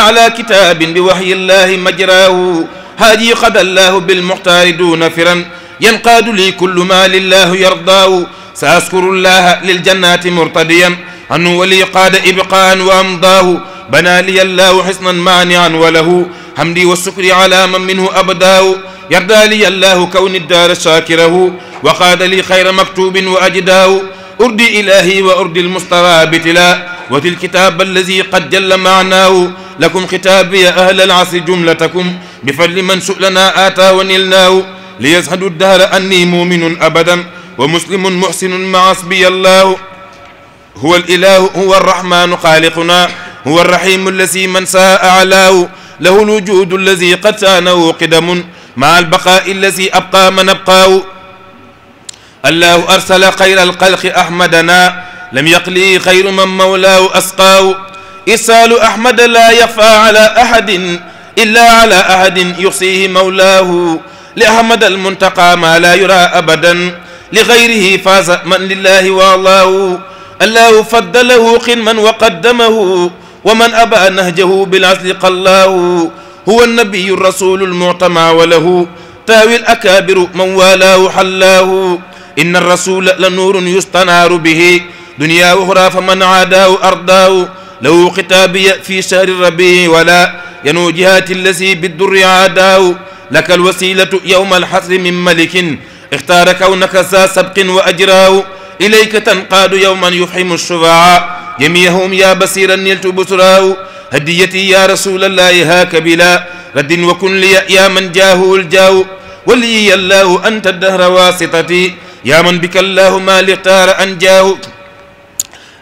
S1: ala kitaabin bi waxyi llahi majraawu haaji qada allahu bilmuxtaari duuna firan yanqaadu li kullu ma lillahu yardaawu sa askuru llaha liljannati murtadiyan anu wali qaada ibqaan wa amdaahu banaa liya llahu xisnan maanian wa lahu hamdi wa shukri ala man minhu abdaawu yardaa li allahu kawni daara shaakirahu wa qaada li xayra maktubin wa ajdaahu urdi ilahi wa urdi almustara bitila wa til kitaab allazi qad jalla maanaahu lakum xitaabi ya ahla alasri jumlatakum bi fadli man su'lanaa aataa wa nilnaahu li yashadu dahra anni muminun abadan wa muslimun muxsinun ma asbiya allahu huwa alilahu huwa arrahmanu xaaliquna huwa arrahimu allazi man saa alaahu lahu alwujudu allazi qad saanahu qidamun maa albaqaa allazi abqaa man abqaawu allaahu arsala xayra alxalqi ahmadana lam yaqli xayru man mawlaahu asqaawu isaalu ahmada laa yaxfa ala ahadin illa ala ahadin yuxsiihi mawlaahu li ahmada almuntaqa maa laa yuraa abadan li xayrihi faaza man lillahi waalaahu allaahu faddalahu xidman wa qaddamahu wa man abaa nahjahu bilasli qallaahu huwa nabiyu rasulu lmuctama wa lahu taawi l akaabiru man walaahu xallaahu inna arrasula la nuurun yustanaaru bihi duniyaa wa uxraa fa man aadaahu ardaahu lahu xitaabiya fi shahri rabii wala yanuu jihaati allasi biddurri aadaahu laka alwasilatu yowma alxasri min malikin ixtaara kawnaka za sabqin wa ajraahu ilayka tanqaadu yowman yufhimu shufaa jamiyahum yaa basiran niltu busraahu hadiyati ya rasulallaahi haaka bila raddin wa kun liya yaa man jaahuwul jaaw waliyi allaahu anta dahra wasitati yaa man bika allaahu ma lixtaara an jaaw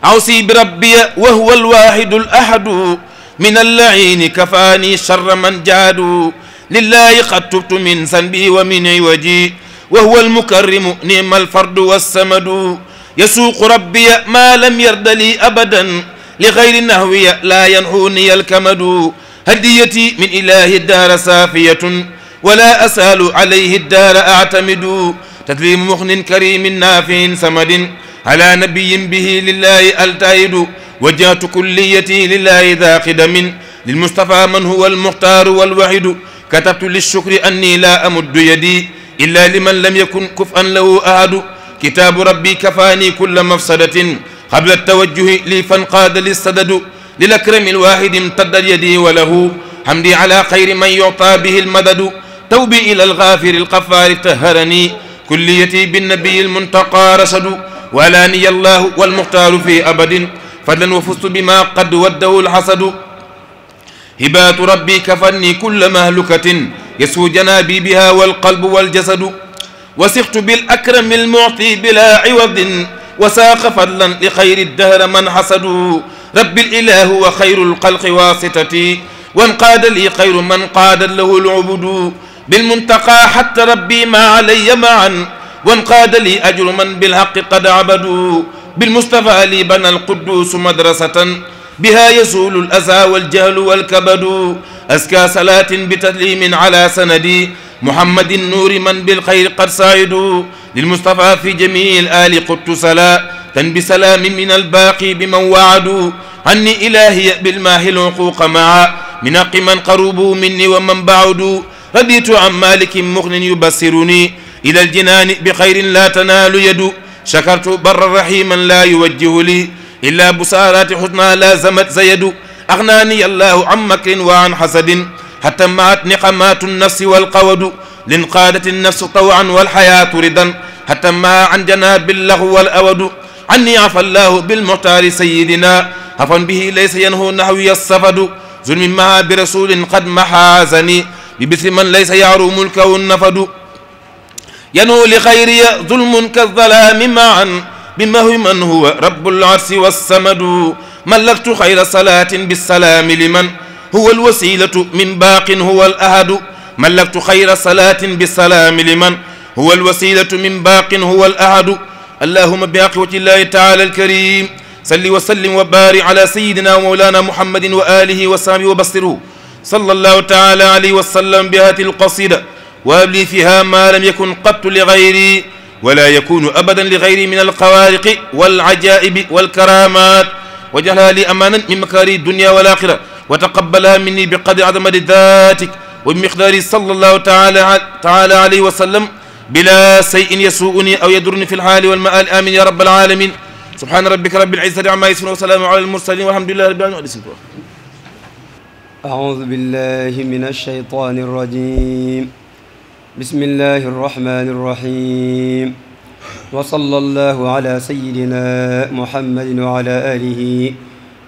S1: awsi bi rabbiya wa huwa alwaxidu alahadu min allaini kafaani charra man jaadu lillahi qad tubtu min sanbi wa min iwaji wa huwa almukarrimu nima alfardu wassamadu yasuuqu rabbiya ma lam yarda li abadan li xayri nahwiya laa yanxuuniya alkamadu hadiyati min ilahi daara saafiyatun wala asaalu alayhi daara actamidu taslimu muxnin karimin naafiin samadin ala nabiyin bihi lillahi altaidu wajjahtu kulliyati lillahi daa xidamin للمصطفى من هو المختار والوحيد كتبت للشكر أني لا أمد يدي إلا لمن لم يكن كفءا له أحد كتاب ربي كفاني كل مفسدة qabla tawajjuhi li fanqaada li sadadu lil akrami lwaahidi imtaddat yadi wa lahu hamdi ala xayri man yutaa bihi lmadadu tawbi ila algaafiri alxafaari taharani kulliyati binnabiyi almuntaqa rasadu wa alaaniya allahu walmuxtaaru fi abadin fadlan wa fustu bima qad waddahu alxasadu hibaatu rabbi kafanni kulla mahlukatin yasuu janaabi biha walqalbu waljasadu wa sixtu bil akrami almuuti bila iwadin wa saaqa fadlan li xayri dahra man xasadu rabbi ilahu wa xayru lxalqi wasitati wanqaada lii xayru man qaada lahu lubudu bilmuntaqa xata rabbi ma alaya maan wanqaada lii ajru man bilxaqi qad abadu bilmustafa lii bana alqudusu madrasatan biha yasuulu alasa waljahlu walkabadu aska salaatin bitaslimin ala sanadi muhammadin nuuri man bil xayri qad saayidu lil mustapha fi jamii l aali quttu sala tan bi salaami min albaaqi bi man waadu anni ilahiya bilmaahi luquqa maa min aqi man qarubu minni wa man baadu raditu an malikin muxnin yubassiruni ila aljinaani bi xayrin laa tanaalu yadu shakartu barra rahiman laa yuwajjihu li illa busaaraati xusna laazamat zayadu axnaani allahu an makrin wa an xasadin xata maat niqamaatu nafsi walqawadu linqaadati nafsu tawan walxayaatu ridan xata ma an jana billahu wal awadu anni afa llahu bilmuxtaari sayidina afan bihi laysa yanhu nahwiya safadu zulmi maha bi rasulin qad mahaazani bi bisri man laysa yaaru mulkahu nafadu yanu li xayriya zulmun ka zalaami maan bi mahwi man huwa rabbul arsi wassamadu malaktu xayra salaatin bisalaami liman huwa alwasilatu min baaqin huwa al ahadu mallaktu xayra salaatin bisalaami liman huwa alwasilatu min baaqin huwa al ahadu allahuma bi aqwatillahi taala alkarim salli wa sallim wa baari ala sayidina wa mawlana muhammadin wa alihi wa sahbihi wa bassirhu salla allahu taala alayhi wa sallam bi hati alqasida wa abli fiha ma lam yakun qattu li gayri wala yakunu abadan li gayri min alxawaariqi wal ajaa'ibi wal karaamaat waj'alha li amaanan min makaari dunya wal aaxira wa taqabalaa minni bi qadri azamati daatik wa bi miqdaari sallallahu taala taala alayhi wa sallam bila sayin yasuuni aw yadurni fi lxaali walmaali amin ya rabbal alamin subhaana rabbika rabbil izzati ammaa yasifuun wa salaamun ala almursalin walhamdulillahi rabbil alamin
S2: أعوذ بالله من الشيطان الرجيم بسم الله الرحمن الرحيم وصلى الله على سيدنا محمد وعلى آله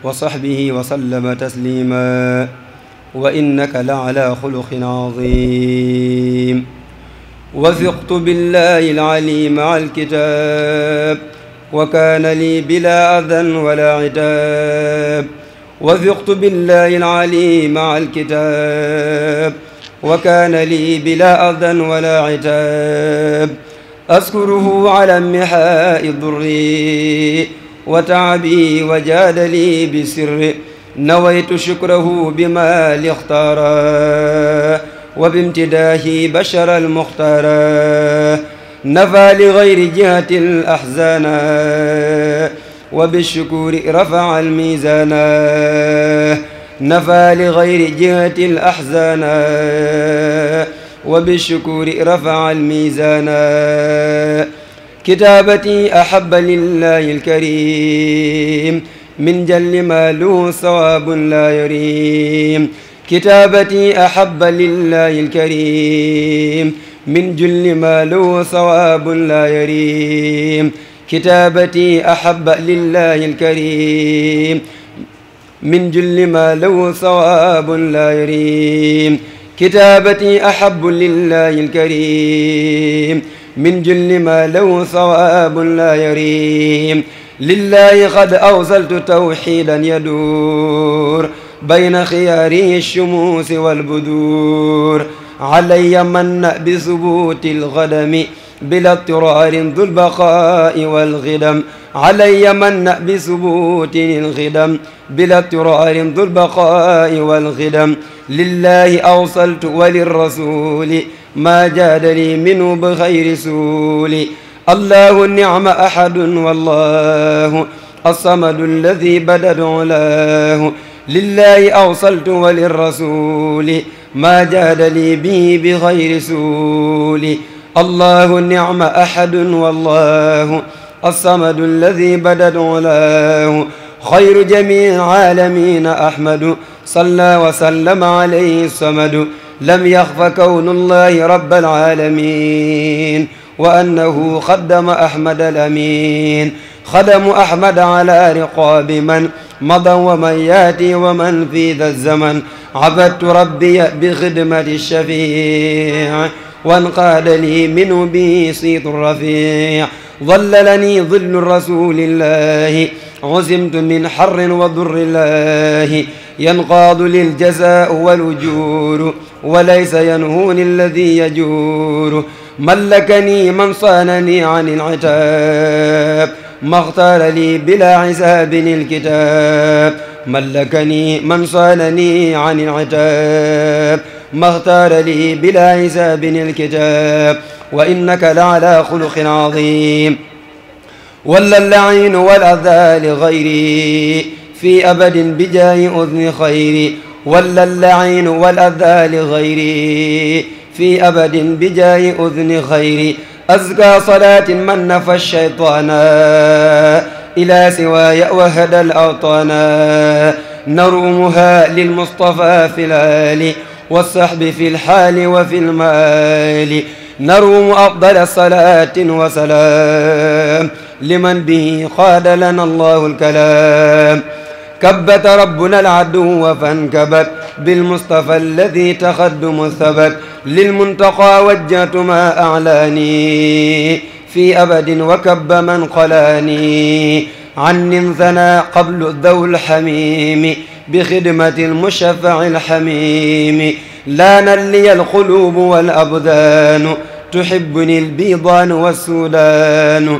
S2: wa saxbihi wa sallama tasliima wa innaka la ala xuluqin aziim wafiqtu billahi alali maa alkitaab wa kaana lii bila adan wala itaab wafiqtu billahi alali maa alkitaab wa kaana lii bila adan wala itaab askuruhu ala mihaa'i durri wa taabi wa jaadali bi sirri nawaytu shukrahu bima lixtaara wa bimtidaahi bashara almuxtaara nafa li gayri jihati alaxzaana wa bishukuri rafaca almiizaana nafa li gayri jihati alaxzaana wa bishukuri rafaca almiizaana كتابتي أحب لله الكريم من جل ما له صواب لا يريم كتابتي أحب لله الكريم من جل ما له صواب لا يريم كتابتي أحب لله الكريم من جل ما له صواب لا يريم كتابتي أحب لله الكريم من جل ما لو ثواب لا يريم لله قد أوزلت توحيدا يدور بين خياري الشموس والبدور علي من بثبوت الغدم بلا اضطرار ذو البقاء والغدم علي من بثبوت الغدم بلا اضطرار ذو البقاء والغدم لله أوصلت وللرسول ما جادني منه بغير سول الله النعم أحد والله الصمد الذي بدد علاه لله أوصلت وللرسول ما جاد لي به بغير سول الله النعم أحد والله الصمد الذي بدد علاه خير جميع العالمين أحمد صلى وسلم عليه الصمد لم يخف كون الله رب العالمين وأنه خدم أحمد الأمين خدم أحمد على رقاب من مضى ومن ياتي ومن في ذا الزمن عبدت ربي بخدمة الشفيع وانقاد لي منه به صيط الرفيع ظللني ظل رسول الله عزمت من حر وضر الله ينقاد للجزاء والوجور وليس ينهوني الذي يجور ملكني من صانني عن العتاب ما اختار لي بلا عساب الكتاب ملكني من صانني عن العتاب ما اختار لي بلا عساب الكتاب وإنك لعلى خلق عظيم ولا اللعين والأذى لغيري في أبد بجاه أذن خيري ولا اللعين والأذى لغيري في أبد بجاه أذن خيري أزكى صلاة من نفى الشيطان إلى سواي وهدى الأوطان نرومها للمصطفى في الآل والصحب في الحال وفي المال نروم أفضل صلاة وسلام لمن به قاد لنا الله الكلام كبت ربنا العدو فانكبت بالمصطفى الذي تقدم الثبت للمنتقى وجهت ما أعلاني في أبد وكب من قلاني عن ثنى قبل ذو الحميم بخدمة المشفع الحميم لانا لي القلوب والأبدان تحبني البيضان والسودان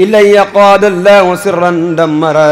S2: إلي قاد الله سرا دمرا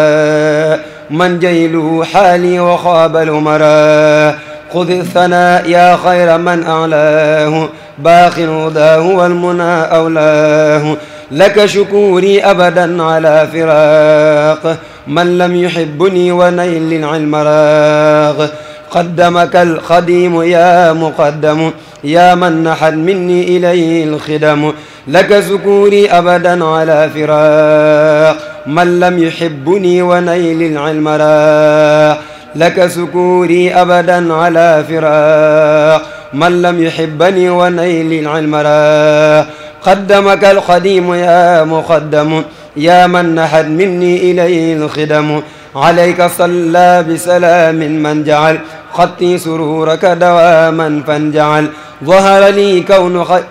S2: من جيل حالي وخاب الأمرا خذ الثناء يا خير من أعلاه باق هداه والمنى أولاه لك شكوري أبدا على فراق من لم يحبني ونيل العلم راغ قدمك القديم يا مقدم يا من نحت مني إليه الخدم لك سكوري أبدا على فراق من لم يحبني ونيل العلمراق لك سكوري أبدا على فراق من لم يحبني ونيل العلمراق قدمك القديم يا مقدم يا من نحت مني إليه الخدم عليك صلى بسلام من جعل خطي سرورك دواما فانجعل ظهر لي كون خير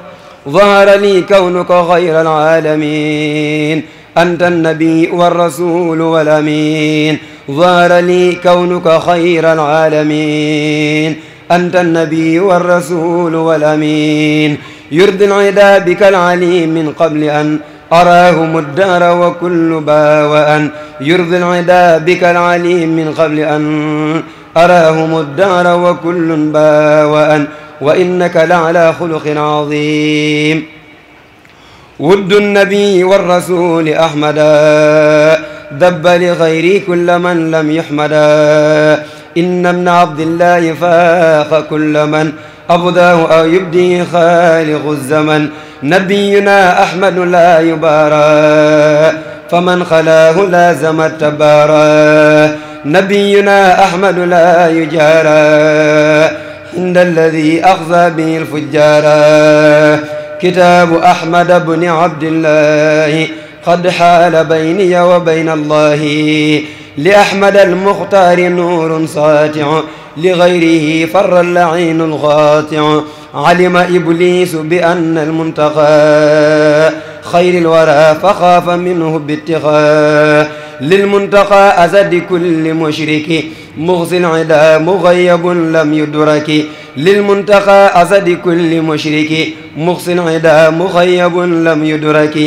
S2: ظهر لي كونك غير العالمين أنت النبي والرسول والأمين ظهر لي كونك خير العالمين أنت النبي والرسول والأمين يرضي العدا بك العليم من قبل أن أراهم الدار وكل باوأ يرضي العدا بك العليم من قبل أن أراهم الدار وكل باوأ وإنك لعلى خلق عظيم ود النبي والرسول أحمدا دب لغيري كل من لم يحمدا إن ابن عبد الله فاق كل من أبداه أو يبدي خالق الزمن نبينا أحمد لا يبارى فمن خلاه لازم التبارى نبينا أحمد لا يجارى عند الذي أخزى به الفجار كتاب أحمد بن عبد الله قد حال بيني وبين الله لأحمد المختار نور ساطع لغيره فر اللعين الغاطع علم إبليس بأن المنتقى خير الورى فخاف منه باتقى للمنتقى أسد كل مشرك مغزي العدا مغيب لم يدرك للمنتقى أسد كل مشرك مغزي العدا مغيب لم يدرك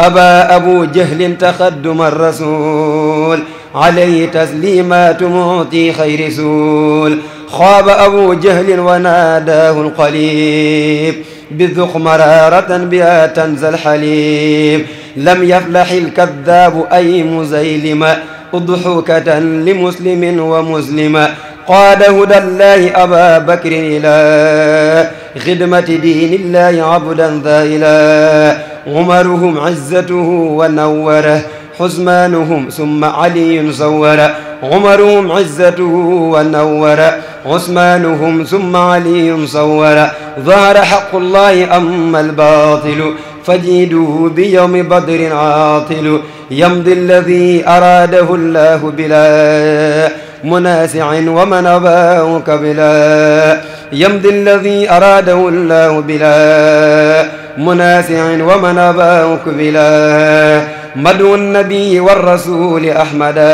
S2: أبى أبو جهل تقدم الرسول عليه تسليمات معطي خير سول خاب أبو جهل وناداه القليب بالذق مرارة بها تنزل حليب lam yaflaxi lkadaabu ay muzaylima udxukatan li muslimin wa muslima qaada huda llahi aba bakrin ila xidmati diini llahi abdan daila umaruhum izzatuhu wa nawwara xusmaanuhum summa caliyun sawwara umaruhum izzatuhu wa nawwara usmaanuhum summa caliyun sawwara zahara xaqu llahi amma albaatilu فجيده بيوم بدر عاطل يمضي الذي أراده الله بلا منازع ومن أباك بلا يمضي الذي أراده الله بلا منازع ومن أباك بلا مدو النبي والرسول أحمدا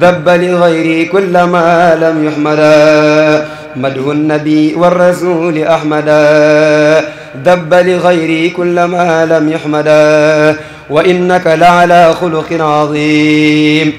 S2: ذب لغيري كل ما لم يحمدا مدو النبي والرسول أحمدا ذب لغيري كل ما لم يحمدا وإنك لعلى خلق عظيم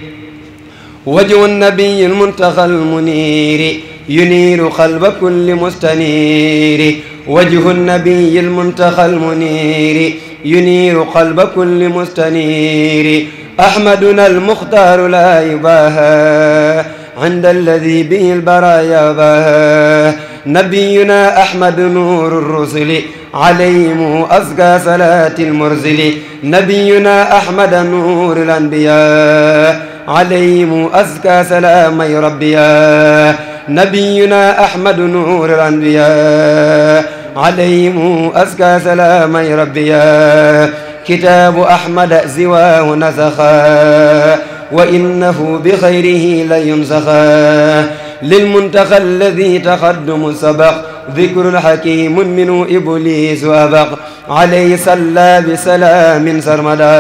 S2: وجه النبي المنتقى المنير ينير قلب كل مستنير وجه النبي المنتقى المنير ينير قلب كل مستنير أحمدنا المختار لا يباهى عند الذي به البرايا باهى نبينا أحمد نور الرسل عليهم أزكى صلاة المرسل نبينا أحمد نور الأنبياء عليهم أزكى سلام ربيا نبينا أحمد نور الأنبياء عليهم أزكى سلام ربيا كتاب أحمد زواه نسخا وإنه بخيره لينسخا للمنتخى الذي تقدم سبق ذكر الحكيم منه إبليس أبق عليه صلى بسلام سرمدا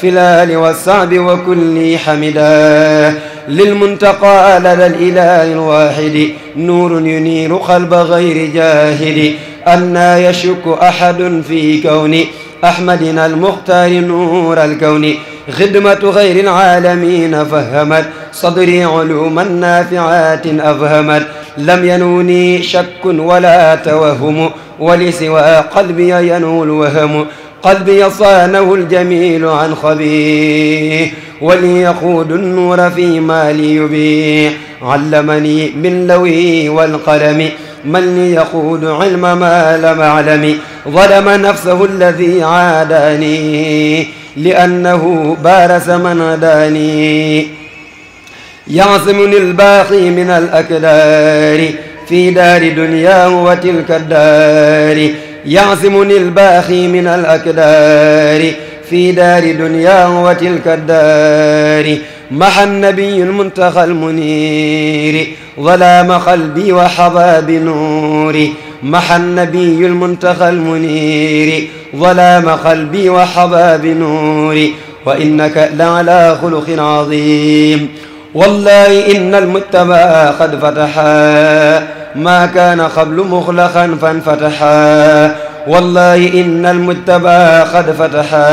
S2: في الآل والصعب وكل حمدا للمنتقى لدى الإله الواحد نور ينير قلب غير جاهد أنا يشك أحد في كون أحمدنا المختار نور الكون خدمة غير العالمين فهمت صدري علوما نافعات أفهمت لم ينوني شك ولا توهم ولسوى قلبي ينول وهم قلبي صانه الجميل عن خبيه وليقود النور فيما ليبيه علمني من لوي والقلم من ليقود علم ما لم أعلم ظلم نفسه الذي عاداني لأنه بارس من عداني يعصمني الباقي من الأكدار في دار دنياه وتلك الدار يعصمني الباقي من الأكدار في دار دنياه وتلك الدار محى النبي المنتخى المنير ظلام قلبي وحظى بنوري محى النبي المنتخى المنير ظلام قلبي وحظى بنوري وإنك لعلى خلق عظيم wallahi inna almujtaba qad fataha ma kaana qablu muxlaqan fan fataha wallahi inna almujtaba qad fataha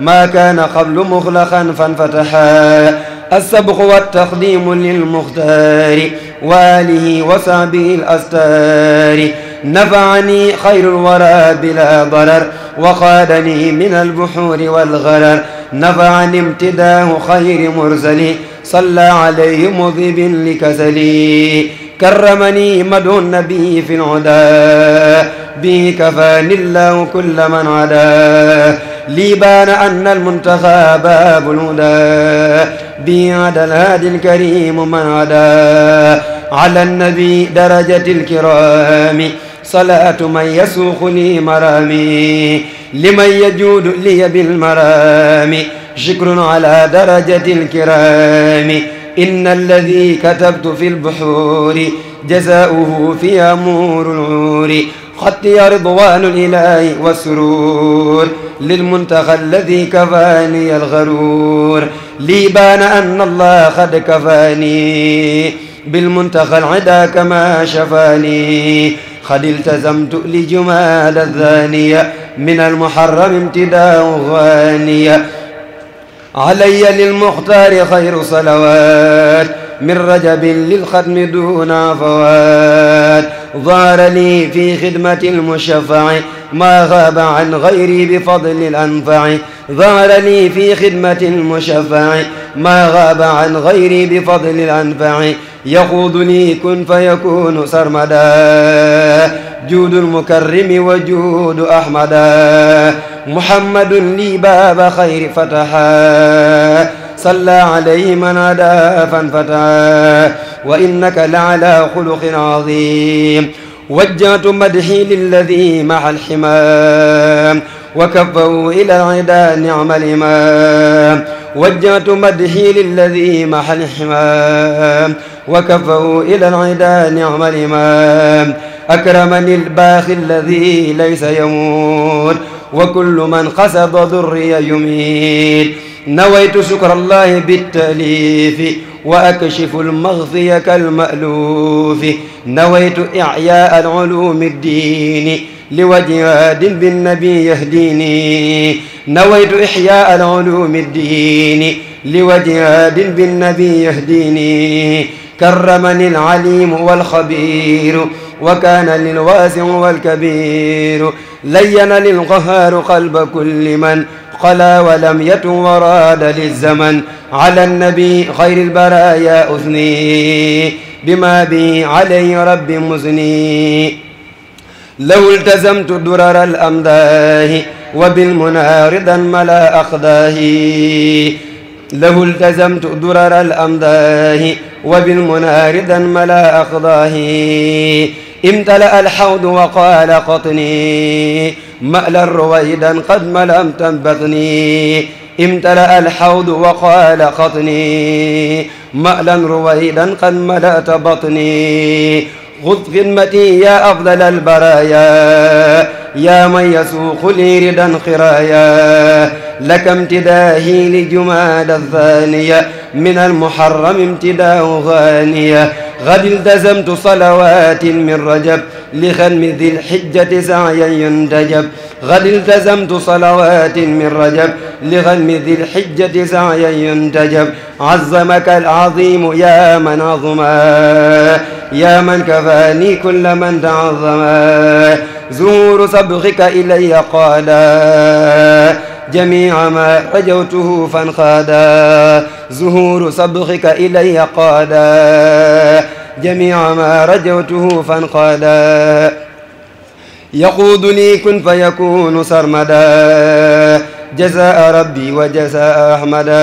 S2: ma kaana qablu muxlaqan fan fataha alsabqu waltaqdimu lilmuxtaari وآله وصحبه الأستار نفعني خير الورى بلا ضرر وقادني من البحور والغرر نفعني امتداه خير مرسل صلى عليه مذيب لكسلي كرمني مدعو النبي في العدا به كفاني الله كل من عدا لي بان أن المنتخى باب الهدى به عدا الهادي الكريم من عدا على النبي درجة الكرام صلاة من يسوق لي مرامي لمن يجود لي بالمرام شكر على درجة الكرام إن الذي كتبت في البحور جزاؤه فيها مور العور خطي رضوان الإله والسرور للمنتخى الذي كفاني الغرور لي بان أن الله قد كفاني بالمنتقى العدا كما شفاني قد التزمت لجمال الثانية من المحرم امتداء غانية علي للمختار خير صلوات من رجب للختم دون عفوات ظهر لي في خدمة المشفع ما غاب عن غيري بفضل الأنفع ظهر لي في خدمة المشفع ما غاب عن غيري بفضل الأنفع يقودني كن فيكون سرمدا جود المكرم وجود أحمدا محمد لي باب خير فتحا صلى عليه من عدا فانفتحا وإنك لعلى خلق عظيم وجهت مدحي للذي مع الحمام وكفوا إلى العدا نعم الإمام وجهت مدحي للذي محى الحمام وكفه إلى العدا نعم الإمام أكرمني الباخي الذي ليس يموت وكل من قصد ذري يميل نويت شكر الله بالتأليف وأكشف المغفي كالمألوف نويت إعياء العلوم الدين لوجه هاد بالنبي يهديني nawaytu ixyaa alulumi ddiini liwajaadin binnabi yahdiini karramani alalimu walxabiru wa kaana lilwaasiu walkabiru layyana lilqahaaru qalba kulli man xala walam yatu waraada lizzaman ala annabi xayri lbaraya usni bima bi alayhi rabbi musni law iltazamtu durara alamdaahi وبالمنى رضا ملا أقداه له التزمت درر الأمداه وبالمنى رضا ملا أقداه امتلأ الحوض وقال قطني مألا رويدا قد ملمت بطني امتلأ الحوض وقال قطني مألا رويدا قد ملأت بطني خذ خدمتي يا أفضل البرايا يا من يسوق لي ردا قرايا لك امتداهي لجمال الثانية من المحرم امتداه غانية غد التزمت صلوات من رجب لخدم ذي الحجة سعيا ينتجب غد التزمت صلوات من رجب لخدم ذي الحجة سعيا ينتجب عظمك العظيم يا من عظما يا من كفاني كل من تعظما zuhuru sabxika ilayya qaada jamiica maa rajawtuhu fanqaada zuhuru sabxika ilayya qaada jamiica maa rajawtuhu fanqaada yaquuduni kun fayakuunu sarmada jazaa rabbi wa jazaa ahmada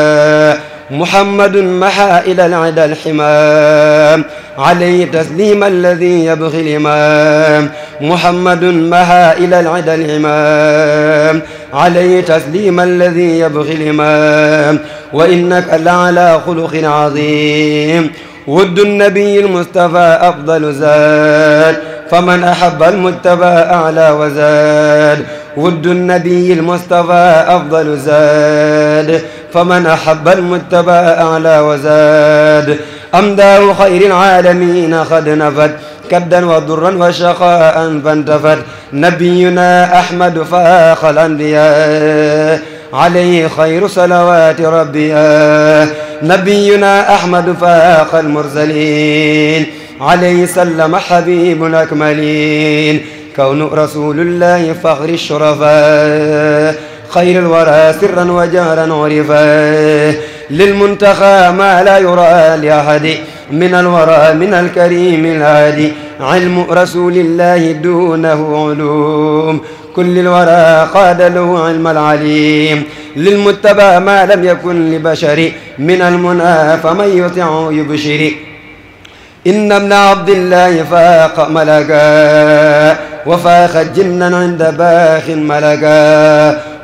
S2: محمد محا إلى العدا الحمام عليه تسليم الذي يبغي الإمام محمد محا إلى العدا الحمام عليه تسليم الذي يبغي الإمام وإنك لعلى خلق عظيم ود النبي المصطفى أفضل زاد فمن أحب المجتبى أعلى وزاد ود النبي المصطفى أفضل زاد فمن أحب المتبع أعلى وزاد أمداه خير العالمين قد نفت كدا وضرا وشقاء فانتفت نبينا أحمد فاخ الأنبياء عليه خير صلوات ربي نبينا أحمد فاخ المرسلين عليه سلم حبيب الأكملين كون رسول الله فخر الشرفاء خير الورى سرا وجهرا عرفا للمنتخى ما لا يرى لأحد من الورى من الكريم العادي علم رسول الله دونه علوم كل الورى قاد له علم العليم للمتبى ما لم يكن لبشر من المنى فمن يطع يبشر إن ابن عبد الله فاق ملكا وفاق جنا عند باخ ملكا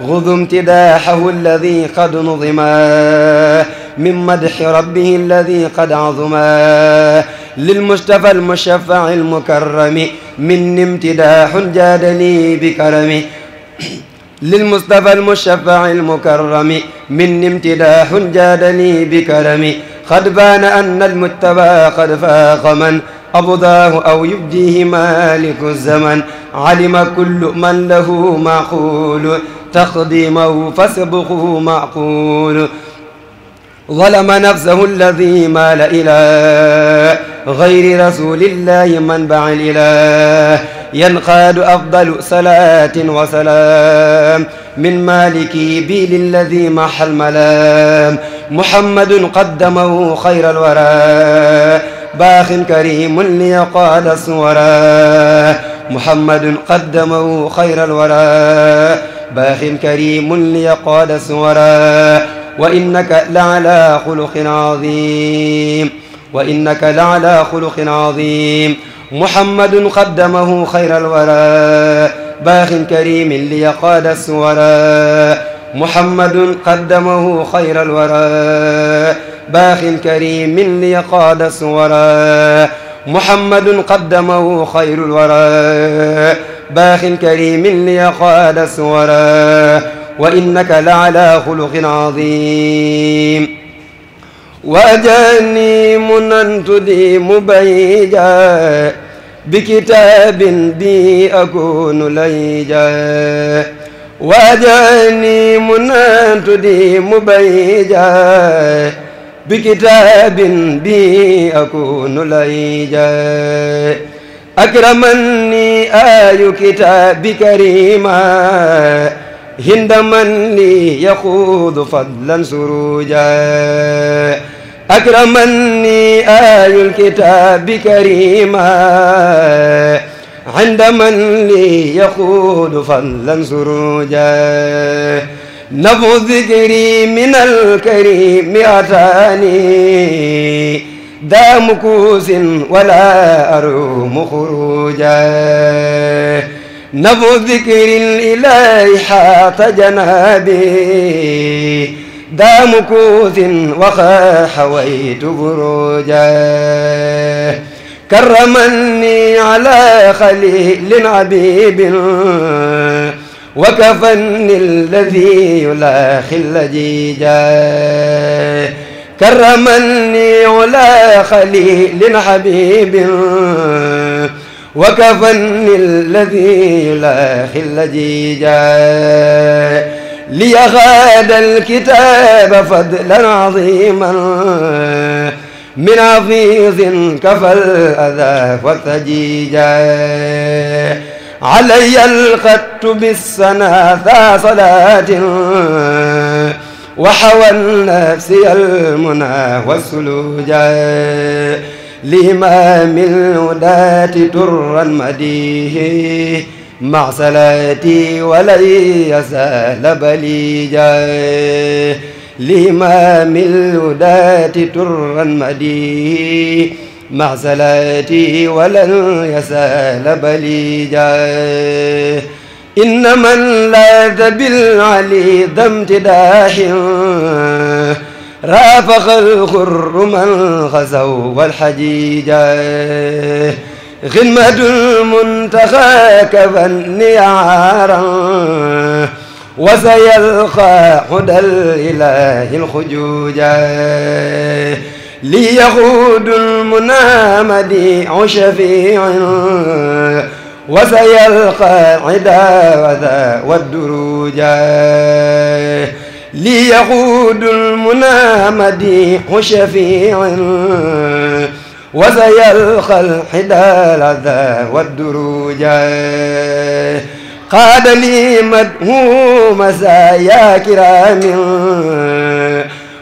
S2: غض امتداحه الذي قد نظما من مدح ربه الذي قد عظما للمصطفى المشفع المكرم مني امتداح جاد لي بكرم للمصطفى المشفع المكرم مني امتداح جاد لي بكرم قد بان أن المتبى قد فاق من أبضاه أو يبديه مالك الزمن علم كل من له معقول تقديمه فسبقه معقول ظلم نفسه الذي مال إلى غير رسول الله منبع الإله ينقاد أفضل صلاة وسلام من مالكي بي للذي محى الملام محمد قدمه خير الورى باخ كريم ليقال الصورى محمد قدمه خير الورى باخ كريم ليقاد سورا وإنك لعلى خلق عظيم وإنك لعلى خلق عظيم محمد قدمه خير الورى باخ كريم ليقاد السورى محمد قدمه خير الورى باخ كريم ليقاد السورى محمد قدمه خير الورى الذباح الكريم اللي قاد سورا وإنك لعلى خلق عظيم وجاني منن تديم بيجا بكتاب بي أكون ليجا وجاني منن تديم بيجا بكتاب بي أكون ليجا أكرمني آي كتابك ريما هندمن لي يخوض فضلا سروجا أكرمني آي الكتاب كريما عندمن لي يخوض فضلا سروجا نبو ذكري من الكريم أتاني ذا مكوس ولا أروم خروجا نبو ذكر الإله حاط جنابي ذا مكوس وخا حويت بروجا كرمني على خليل عبيب وكفني الذي يلاخي اللجيجا كرمني ولا خليل حبيب وكفني الذي لا خل جاء لي غاد الكتاب فضلا عظيما من عفيظ كفى الأذى والثجيجا علي الخط بالسنة ذا صلاة وحوى النفس المنى والسلوجا لإمام الولاة درا مديه مع صلاتي ولن يزال بليجا لإمام الولاة درا مديه مع صلاتي ولن يزال بليجا inna man laada bil ali damtidaahin raafaqa alxurrumal xasaw wal xajiija xidmatul muntaxa kaban niyaaran wa sayalqaa hudal ilaahi alxujuuja li yaxuudul munaamadi shafiin وسيلقى العداوة والدروج ليقود المنى مديح شفيع وسيلقى الحدال ذا والدروج قاد لي مدهوم سايا كرام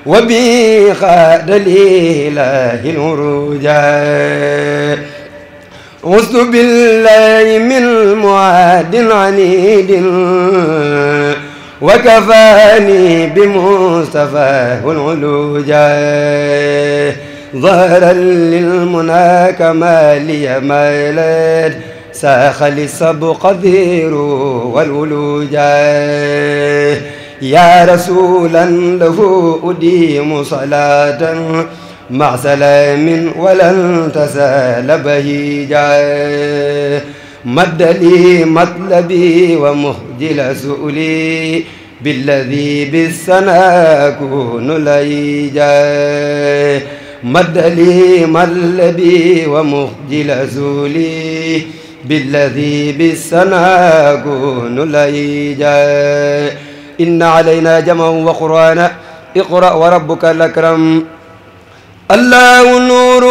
S2: وبي قاد لي إله الهروج غست بالله من معاد عنيد وكفاني بمصطفاه العلوجا ظهرا للمنى كما لي ميلاد ساخ للسبق الذير والولوجا يا رسولا له أديم صلاة مع سلام ولن تسال بهيجا مد لي مطلبي ومهجل سؤلي بالذي بالسنا أكون ليجا مد لي مطلبي ومهجل سؤلي بالذي بالسنا أكون ليجا إن علينا جمع وقرآن اقرأ وربك الأكرم الله نور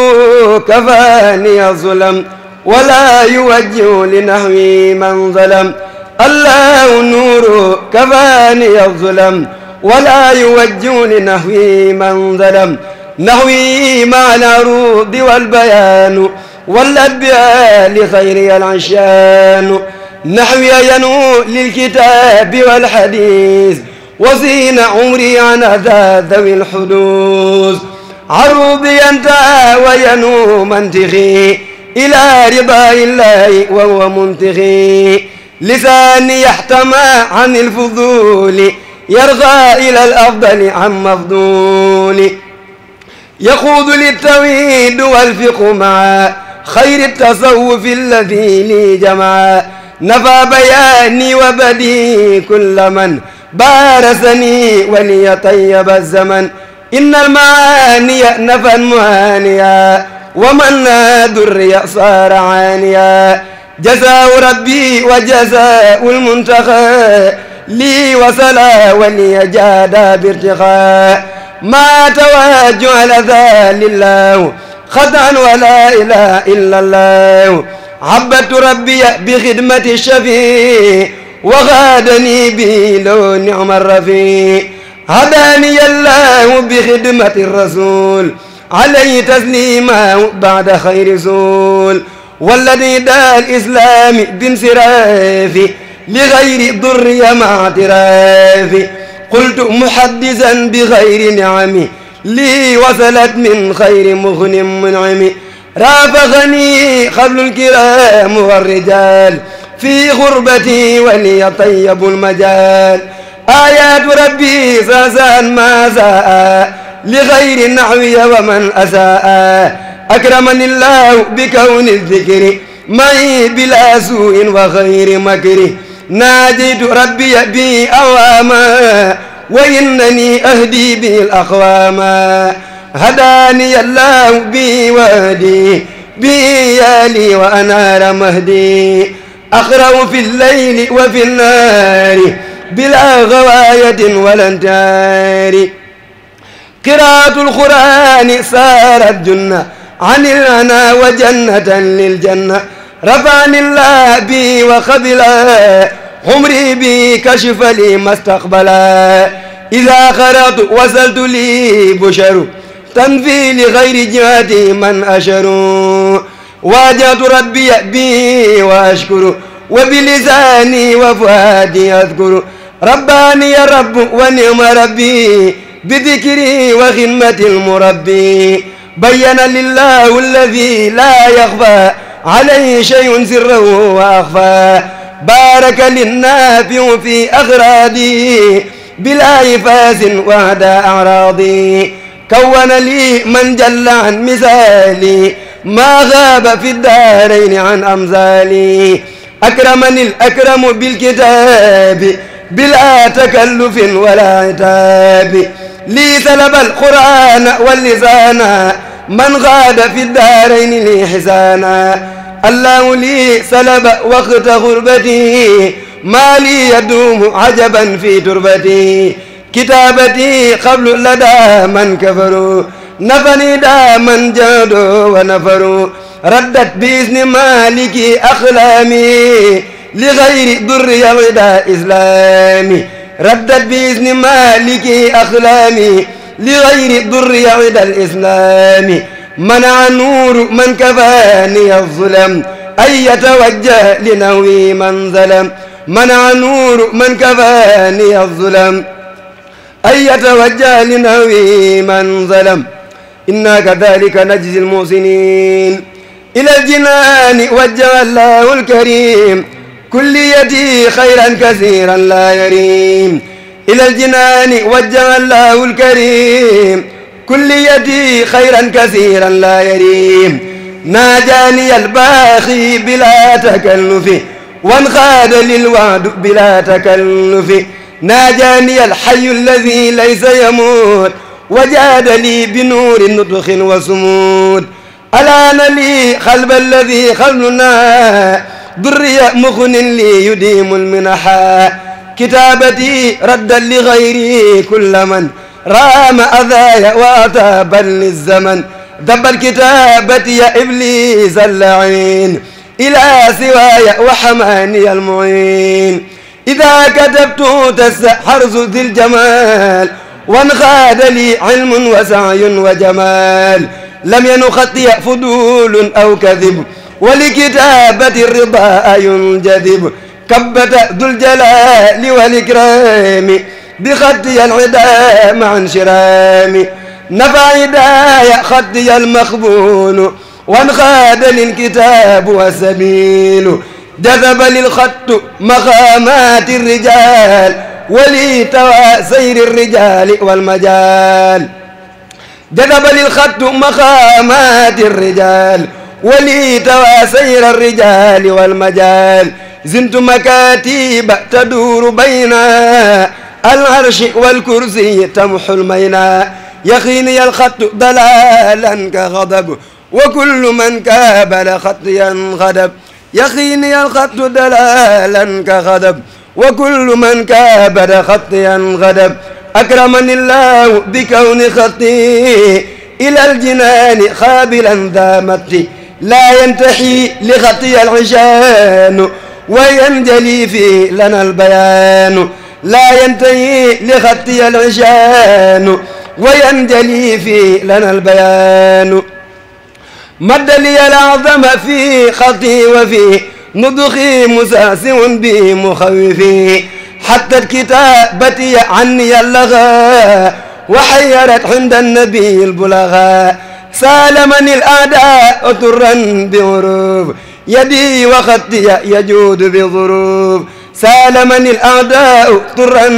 S2: كفاني ظلم ولا يوجه لنحوي من ظلم الله نور كفاني الظلم ولا يوجه لنحوي من ظلم نحوي مع العروض والبيان والأدبياء لخير العشان نحوي ينو للكتاب والحديث وزين عمري عن أذى ذوي الحدوث عروبي أنت وينو منطقي إلى رضا الله وهو منطقي لساني يحتمى عن الفضول يرغى إلى الأفضل عن مفضول يخوض للتوحيد والفقه مع خير التصوف الذي لي جمع نفى بياني وبدي كل من بارسني وليطيب الزمن innal maaniya nafan muaniya wa man na durriya saara aaniya jazaau rabbi wa jazaau lmuntaxa lii wasala wa niya jaada birtixa ma tawaju ala dalillahu xatan wala ilaha illa allahu habatu rabbiya bi xidmati shafi wa xaadani bi loo nicma rafi hadaani yallaahu bi xidmati rasul alayhi taslimahu baada xayri zul walladi daal islaami binsiraafi li xayri durriya maatiraafi qultu muhaddisan bi xayri niami lii wasalat min xayri muxnim munami raafaxani xablul kiraam warrijaal fi xurbati waliya tayyabul majaal آيات ربي سلسا ما ساء لغير نحوي ومن أساء أكرمني الله بكون الذكر معي بلا سوء وغير مكر ناديت ربي بي أواما وإنني أهدي به الأقوام هداني الله بي وهدي بي يالي وأنار مهدي أقرأ في الليل وفي النهار بلا غواية ولا انتهار قراءة القرآن سارت جنة عن الأنا وجنة للجنة رفعني الله بي وقبلا عمري بي كشف لي ما استقبلا إذا قرأت وصلت لي بشر تنفي لغير جهتي من أشر واجهت ربي بي وأشكر وبلساني وفؤادي أذكر rabbaani ya rabb wa ni'ma rabbi bi dikri wa xidmati almurabbi bayyana lillaahu alladi laa yaxfa alayhi shay'un sirrahu wa axfa baaraka linnaafi'u fi axraadi bilaa ifaasin wahda araadi kawwana lii man jalla an misaali maa gaaba fi daarayni an amsaali akramani al akramu bilkitaabi bila takallufin wala itaabi lii talabal qur'aana wal lisaana man gaada fi daarayni lii xisaana allahu lii salaba waqta xurbatii maa lii yaduumu ajaban fi turbatii kitaabatii qablu ladaa man kafaru nafanii daa man jaadoo wa nafaru raddat biizni maaliki axlaami li xayri durri yawida islami raddat bi isni maliki axlami li xayri durri yawida islami mana nuuru man kafani azulam ay yatawajja li nahwi man zalam mana nuuru man kafani azulam ay yatawajja li nahwi man zalam inna kadalika najzi almusinin ila aljinani wajjaha allahu alkarim كليتي خيرا كثيرا لا يريم إلى الجنان وجه الله الكريم كليتي خيرا كثيرا لا يريم ناجاني الباخي بلا تكلف وانخاد للوعد بلا تكلف ناجاني الحي الذي ليس يموت وجاد لي بنور نطخ وسمود ألان لي خلب الذي خلنا durriya muxnin li yudimu lminaha kitaabati raddan li gayri kulla man raama adaya wa ataban lizaman dabat kitaabati ya iblis allain ila siwaya wa xamaniya almuin ida katabtu tasa xarsu di ljamal wanxaada li ilmun wa saayun wa jamal lam yanu xatiya fudulun aw kadib ولكتابة الرضا ينجذب كبة ذو الجلال والإكرام بخطي العدا مع انشرام نفع هدايا خطي المخبون وانخاد للكتاب والسبيل جذب للخط مقامات الرجال ولي سير الرجال والمجال جذب للخط مقامات الرجال ولي تواسير الرجال والمجال زنت مكاتيب تدور بين العرش والكرسي تمحو المينا يخيني الخط ضلالا كغضب وكل من كابل خطيا غضب يخيني الخط دلالا كغضب وكل من كابد خطيا غضب أكرمني الله بكون خطي إلى الجنان خابلا ذا متي laa yantaxi li xatiya alxisaanu wa yanjali fi lana albayaanu laa yantaxi li xatiya alxisaanu wa yanjali fi lana albayaanu madda liya alazama fi xati wa fi nudxi musaasiun bi muxawifi xattat kitaabatiya anniya allaxa wa xayarat inda annabi albulaxa سالمني الأعداء ترا بغروب يدي وخطي يجود بظروف سالمني الأعداء ترا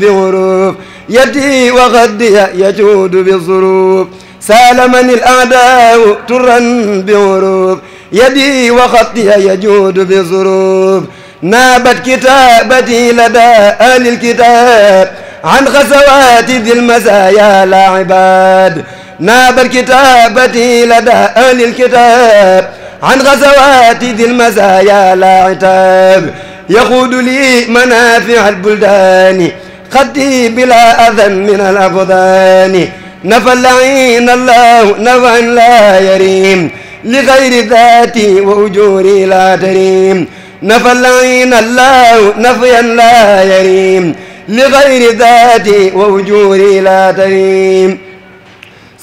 S2: بغروب يدي وخطي يجود بظروف سالمني الأعداء ترا بغروب يدي وخطي يجود بظروف نابت كتابتي لدى أهل الكتاب عن خسوات ذي المزايا لا عباد ناب الكتابة لدى أهل الكتاب عن غزوات ذي المزايا لا عتاب يقود لي منافع البلدان خدي بلا أذى من الأبدان نفى اللعين الله نفعا لا يريم لغير ذاتي وأجوري لا تريم نفى اللعين الله نفيا لا يريم لغير ذاتي وأجوري لا تريم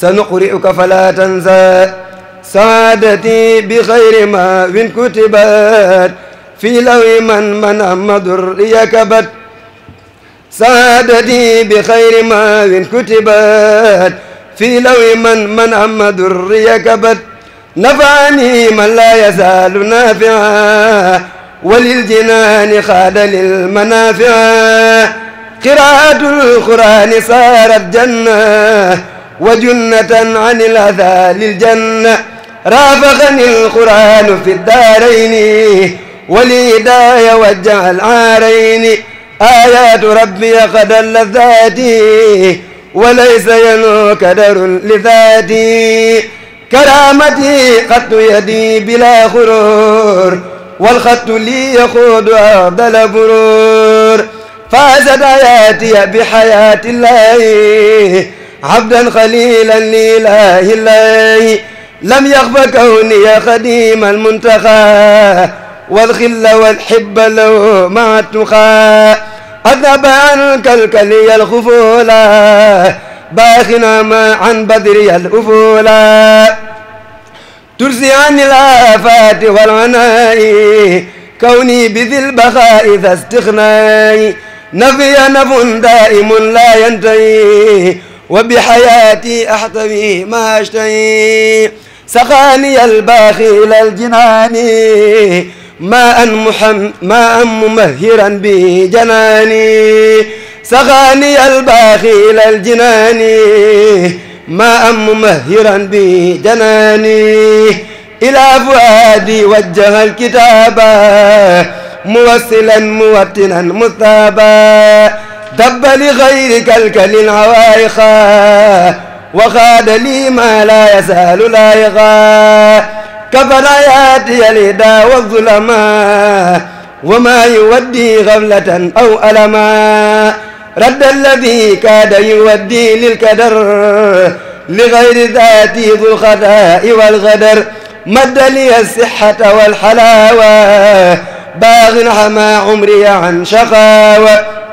S2: سنقرئك فلا تنسى سعادتي بخير ما وإن كتبت في لوح من من مضر يكبت سعادتي بخير ما وإن كتبت في لوح من من مضر يكبت نفعني من لا يزال نافعا وللجنان خاد للمنافع قراءة القرآن صارت جنة وجنة عن الأذى للجنة رافقني القرآن في الدارين ولهداية وجه العارين آيات ربي قد لذاتي وليس ينو كدر لذاتي كرامتي قد يدي بلا غرور والخط لي يخوض أفضل برور فازت آياتي بحياة الله عبدا خليلا لله الله لم يخف كوني خديم المنتخى والخل والحب له مع التقى أذهب عنك الكلي الخفولا باخنا ما عن بدري الأفولا ترسي عن الآفات والعناء كوني بذي البخاء ذا استغناي نفي نف دائم لا ينتهي وبحياتي أحتوي ما أشتهي سقاني الباخي إلى الجنان ماء محم ماء ممهرا بجناني سقاني الباخي إلى الجنان ماء ممهرا بجناني إلى فؤادي وجه الكتاب موصلا موطنا مثابا تب لغيرك الكل العوائقا وخاد لي ما لا يزال لائقا كفلا ياتي الهدى والظلما وما يودي غفلة أو ألما رد الذي كاد يودي للكدر لغير ذاتي ذو الخطاء والغدر مد لي الصحة والحلاوة باغ حما عمري عن شقاوة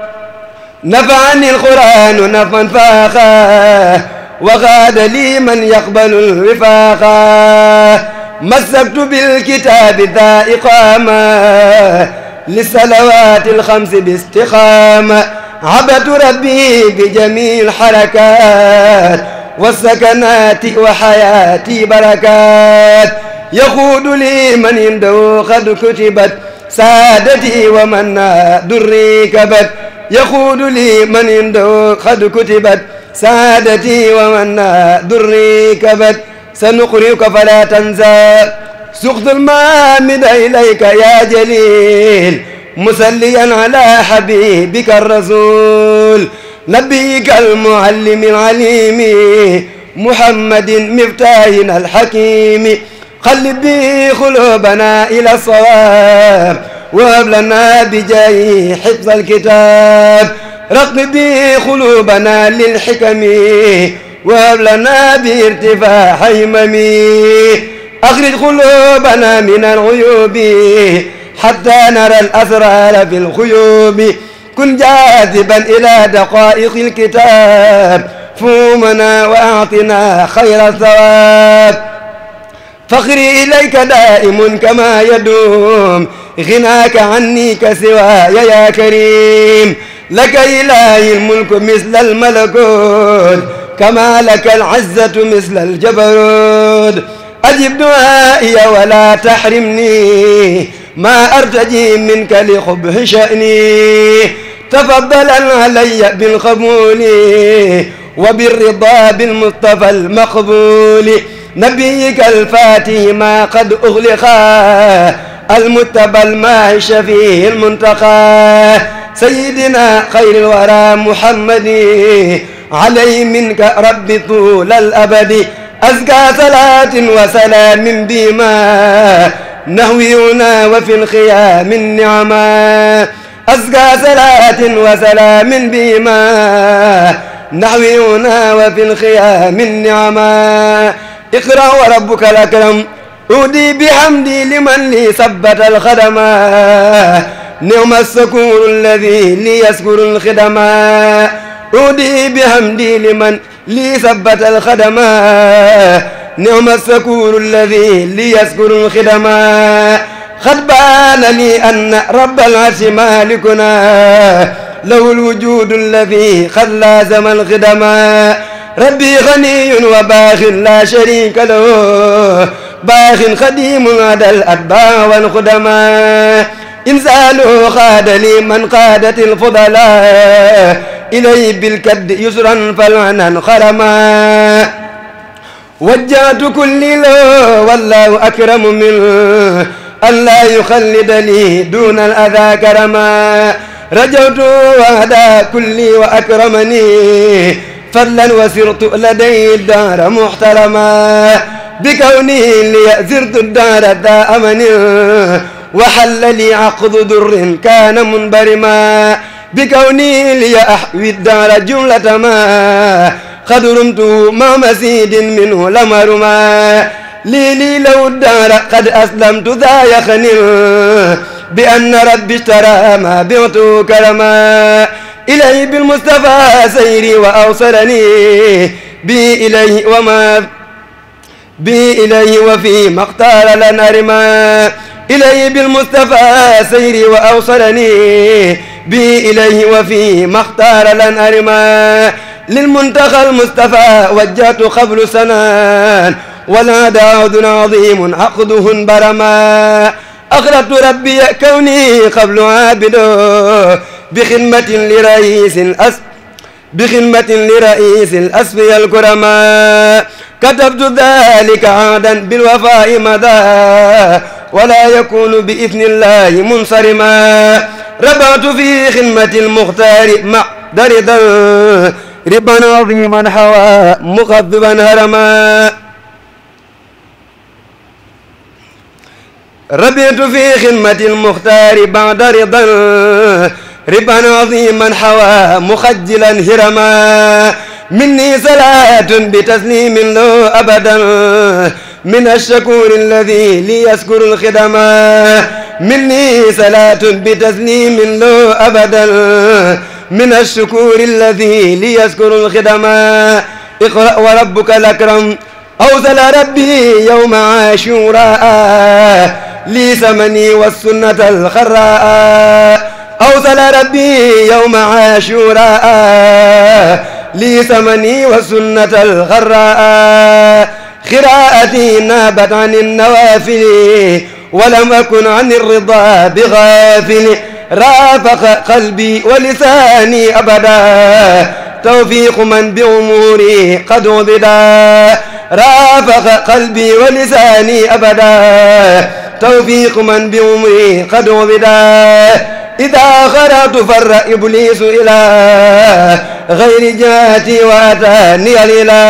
S2: نفعني القرآن نفعا فاخا وغاد لي من يقبل الوفاقا مسكت بالكتاب ذا إقامة للصلوات الخمس باستقامة عبدت ربي بجميع الحركات والسكنات وحياتي بركات يقود لي من عنده قد كتبت سادتي ومن دري كبت يقول لي من عنده قد كتبت سعادتي ومن دري كبت سنقرئك فلا تنسى سقط المامد إليك يا جليل مصليا على حبيبك الرسول نبيك المعلم العليم محمد مفتاحنا الحكيم قلب قلوبنا إلى الصواب وهب لنا بجاهه حفظ الكتاب رقب به قلوبنا للحكم وهب لنا بارتفاع همم أخرج قلوبنا من الغيوب حتى نرى الأسرار في الخيوب كن جاذبا إلى دقائق الكتاب فومنا وأعطنا خير الثواب فقري إليك دائم كما يدوم غناك عني كسواي يا كريم لك إلهي الملك مثل الملكوت كما لك العزة مثل الجبروت أجب دعائي ولا تحرمني ما أرتجي منك لخبه شأني تفضلا علي بالقبول وبالرضا بالمصطفى المقبول نبيك الفاتح ما قد أغلق المتبى الماهش فيه المنتقى سيدنا خير الورى محمد عليه منك رب طول الأبد أزكى صلاة وسلام بما نهوينا وفي الخيام النعما أزكى صلاة وسلام بما نهوينا وفي الخيام النعما iqra wa rabbuka al akram udi bihamdi liman li sabbata alxadama نعم السكور الذي ليسكر الخدماء أودي بحمدي لمن لي ثبت الخدماء نعم السكور الذي ليسكر الخدماء قد بان لي أن رب العرش مالكنا له الوجود الذي قد لازم الخدماء ربي غني وباخ لا شريك له باخ خديم عدا الأتباع والخدماء إن سألوا قاد لي من قادت الفضلاء إليه بالكد يسرا فالعنا خرما وجهت كل له والله أكرم منه أن لا يخلد لي دون الأذى كرما رجوت وهدى كلي وأكرمني فضلا وسرت لدي الدار محترما بكونه لي زرت الدار ذا أمن وحل لي عقد در كان منبرما بكوني لي أحوي الدار جملة ما خدرمت ما مزيد منه لمرما لي لي لو الدار قد أسلمت ذا يخنر بأن ربي اشترى ما بعت كرما إليه بالمصطفى سيري وأوصلني بي إليه وما بي إليه وفي ما اختار لنا رما إليه بالمصطفى سيري وأوصلني بي إليه وفي ما اختار لنا رما للمنتخى المصطفى وجهت قبل سنان ولا داود عظيم عقده برما أغرت ربي كوني قبل عابده bi xidmatin li raisil as bi xidmatin li raisil asfiya alkurama katabtu dalika aadan bilwafai mada wala yakunu bi idnillahi munsarima rabatu fi xidmati almuxtaari ma daridal riban aziman hawa muxadiban harama rabitu fi xidmati almuxtaari bada ridan ربا عظيما حوى مخجلا هرما مني صلاة بتسليم له أبدا من الشكور الذي ليذكر الخدما مني صلاة بتسليم له أبدا من الشكور الذي ليذكر الخدما اقرأ وربك الأكرم أوزل ربي يوم عاشوراء لي ثمني والسنة الخراء أوصل ربي يوم عاشوراء لي ثمني وسنة الغراء قراءتي نابت عن النوافل ولم أكن عن الرضا بغافل رافق قلبي ولساني أبدا توفيق من بأموري قد عبدا رافق قلبي ولساني أبدا توفيق من بأموري قد عبدا ida xaratu farra iblisu ila xayri jaati wa ataani al ila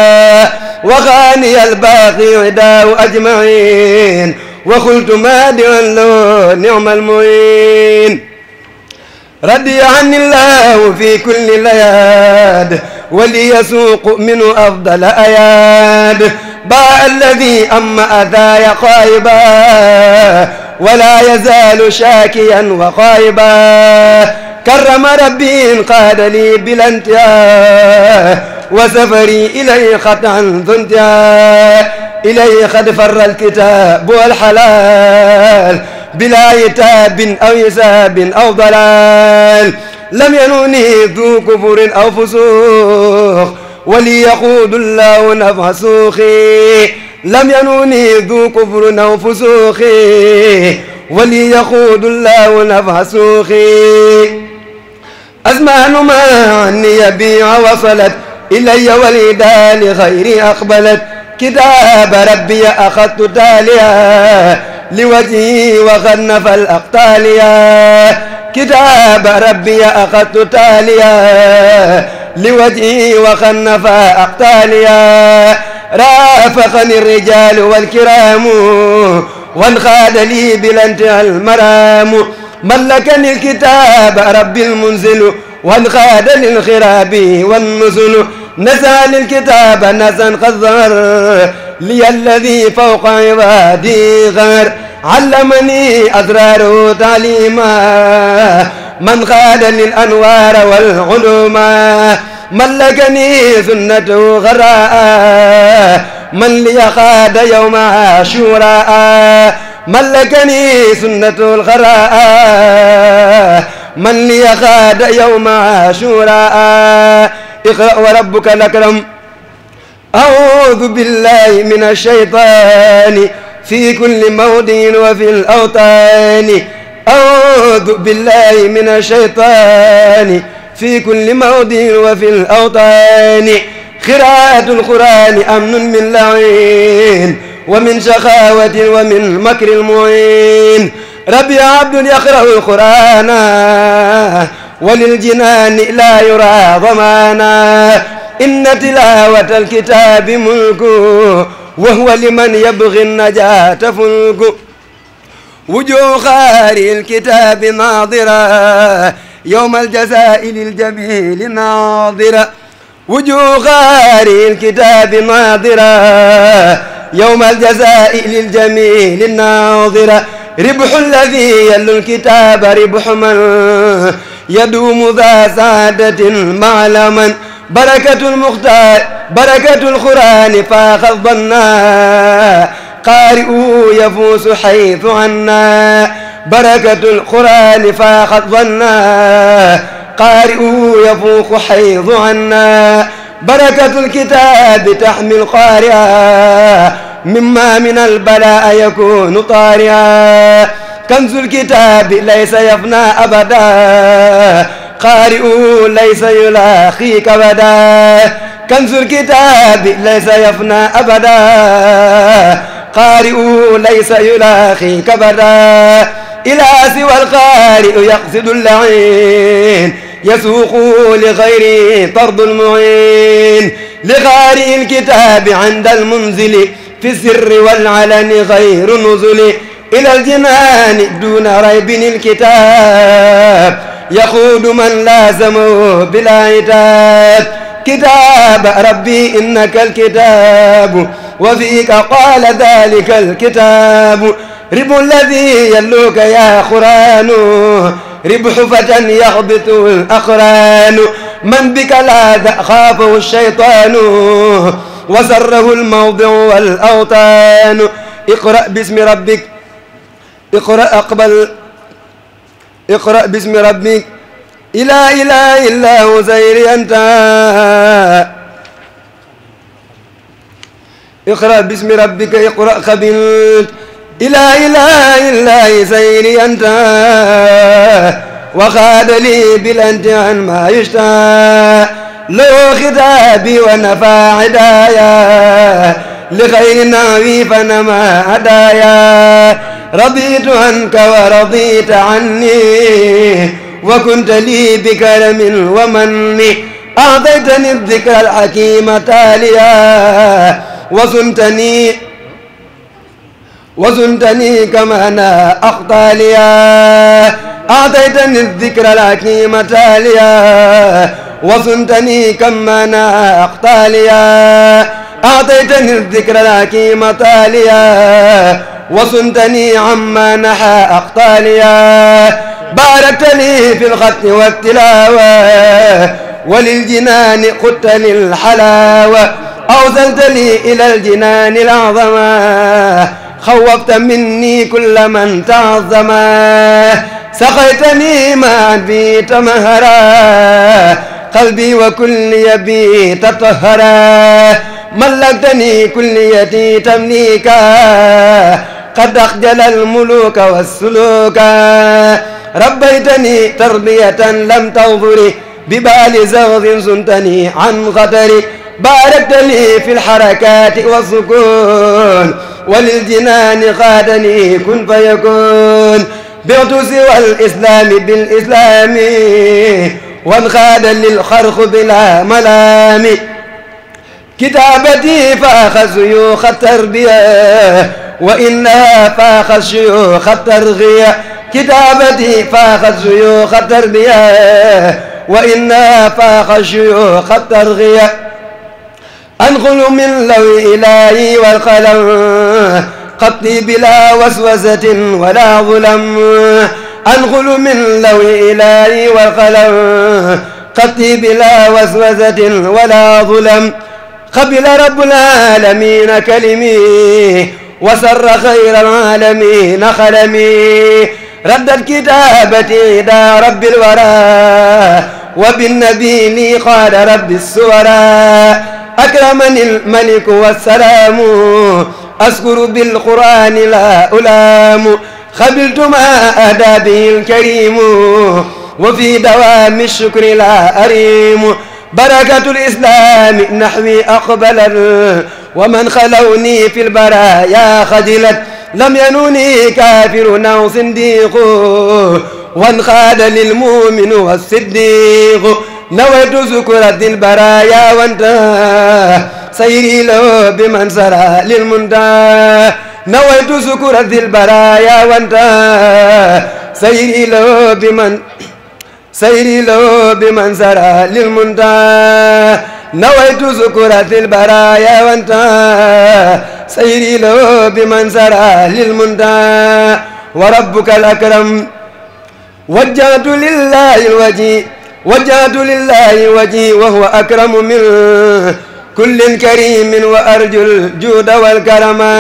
S2: waxaani al baaqi wa daaw ajmain wa xultu maadian lo nicma almuin radiya anni llahu fi kulli layaad wa liyasuuqu minhu afdala ayaad baa alladi amma ataaya qaaiba ولا يزال شاكيا وخائبا كرم ربي إن قاد لي بلا انتهاء وسفري إليه قطعا ذو انتهاء إليه قد فر الكتاب والحلال بلا يتاب أو يساب أو ضلال لم ينوني ذو كفر أو فسوق وليقود الله نفع سوخي لم ينوني ذو كفر أو فسوقي ولي يقود الله نفع سوقي أزمان ما عني بيع وصلت إلي والإداء لخيري أقبلت كتاب ربي أخذت تاليا لوجهي وقد نفى الأقتاليا كتاب ربي أخذت تاليا لوجهي وقد نفى أقتاليا رافقني الرجال والكرام وانخاد لي بلا انتهى المرام ملكني الكتاب ربي المنزل وانخاد للخراب والنزل نسى للكتاب نسى قد ظهر لي الذي فوق عبادي غر علمني أسراره تعليما من خاد للأنوار والعلوما ملكني سنته غراء من لي خاد يوم عاشوراء ملكني سنة الغراء من لي خاد يوم عاشوراء اقرأ وربك الأكرم أعوذ بالله من الشيطان في كل موضع وفي الأوطان أعوذ بالله من الشيطان في كل موضع وفي الأوطان قراءة القرآن أمن من لعين ومن سخاوة ومن مكر المعين ربي عبد يقرأ القرآن وللجنان لا يرى ضمانا إن تلاوة الكتاب ملك وهو لمن يبغي النجاة فلك وجوه خاري الكتاب ناظرة يوم الجزاء للجميع ناظرة وجوه غاري الكتاب ناظرة يوم الجزاء للجميع ناظرة ربح الذي يلو الكتاب ربح من يدوم ذا سعادة معلما بركة المختار بركة القرآن فاخذ ظنا قارئ يفوز حيث عنا barakatul quraani faaxat wannaa qaari'u yafuuqu xaydu annaa barakatul kitaabi taxmil qaari'a mimmaa minal balaa'i yakuunu taari'a kanzul kitaabi laysa yafnaa abadaa qaari'u laysa yulaaqiika abadaa kanzul kitaabi laysa yafnaa abadaa qaari'u laysa yulaaqiika abadaa ilaa siwal qaari'u yaqsidu lla'iin yasuuqu li xayri tardu lmu'iin li qaari'i lkitaabi inda almunzili fi sirri wal alani xayru nuzuli ilal jinaani duuna raybin ilkitaab yaquudu man laazamahu bilaa itaab kitaaba rabbi innaka alkitaabu wa fiika qaala daalika alkitaabu رب الذي يلوك يا قرآن رب حفة يخبط الأقران من بك لا تخافه الشيطان وسره الموضع والأوطان اقرأ باسم ربك اقرأ أقبل اقرأ باسم ربك لا إله إلا هو زير أنت اقرأ باسم ربك اقرأ خبيرت ilaa ilaa ilaa sayri anta waxaadali bilanti an maa yusta loo xitaabi wa nafa hidaaya li xayri naawi fa nama hadaaya raditu anka wa radita anni wa kunta lii bi karamin wa manni aataytani dikra alxakima taaliya wa suntani وزنتني كما أنا أخطى ليا أعطيتني الذكر لكني متاليا وزنتني كما أنا أخطى ليا أعطيتني الذكر لكني متاليا وصنتني عما نحى أقطاليا باركتني في الختم والتلاوة وللجنان قدت للحلاوة أوزلتني إلى الجنان الأعظم خوفت مني كل من تعظما سقيتني ما بي تمهرا قلبي وكلي بي تطهرا ملكتني كليتي تمليكا قد أخجل الملوك والسلوكا ربيتني تربية لم تغفري ببال زغد زنتني عن خطري باركت لي في الحركات والسكون وللجنان قادني كن فيكون بعت سوى الإسلام بالإسلام وانقاد للخرق بلا ملام كتابتي فاخ شيوخ التربية وإنها فاخ شيوخ الترغية كتابتي فاخ شيوخ التربية وإنها فاخ شيوخ الترغية أنقل من لو إلهي والقلم خطي بلا وسوسة ولا ظلم أنقل من لو إلهي والقلم خطي بلا وسوسة ولا ظلم قبل رب العالمين كلمي وسر خير العالمين خلمي رد الكتابة إلى رب الورى وبالنبي لي قال رب السورى أكرمني الملك والسلام أذكر بالقرآن لا ألام خبلت ما أهدى به الكريم وفي دوام الشكر لا أريم بركة الإسلام نحوي أقبلت ومن خلوني في البرايا خجلت لم ينوني كافر أو صنديق وانخاد للمؤمن والصديق نويت سكرة البرايا وانتهى سيري له بمن سرى للمنتهى نويت سكرة البرايا وانتهى سيري له بمن سيري له بمن سرى للمنتهى نويت سكرة البرايا وانتهى سيري له بمن سرى للمنتهى وربك الأكرم وجهت لله الوجه wajjahtu lillahi wajhi wa huwa akramu min kullin karimin wa arjul juuda wal karama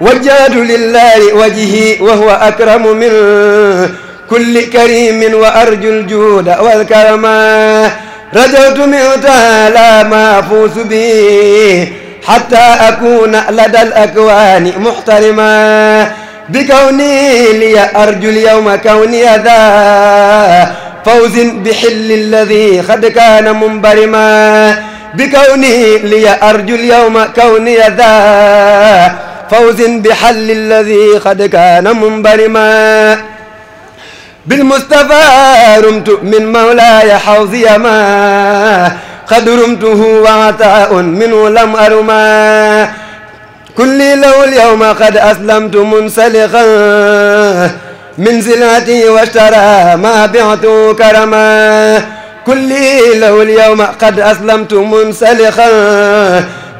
S2: wajjahtu lillahi wajhi wa huwa akramu min kulli karimin wa arjul juuda wal karama rajawtu minhu taala ma afuusu bi hatta akuna ladal akwaani muhtarima bi kawni liya arjul yawma kawniya daa فوز بحل الذي قد كان منبرما بكوني لي أرجو اليوم كوني ذا فوز بحل الذي قد كان منبرما بالمصطفى رمت من مولاي حوزي ما قد رمته وعطاء منه لم أرما كل له اليوم قد أسلمت منسلخا من زلاتي واشترى ما بعت كرما كلي له اليوم قد أسلمت منسلخا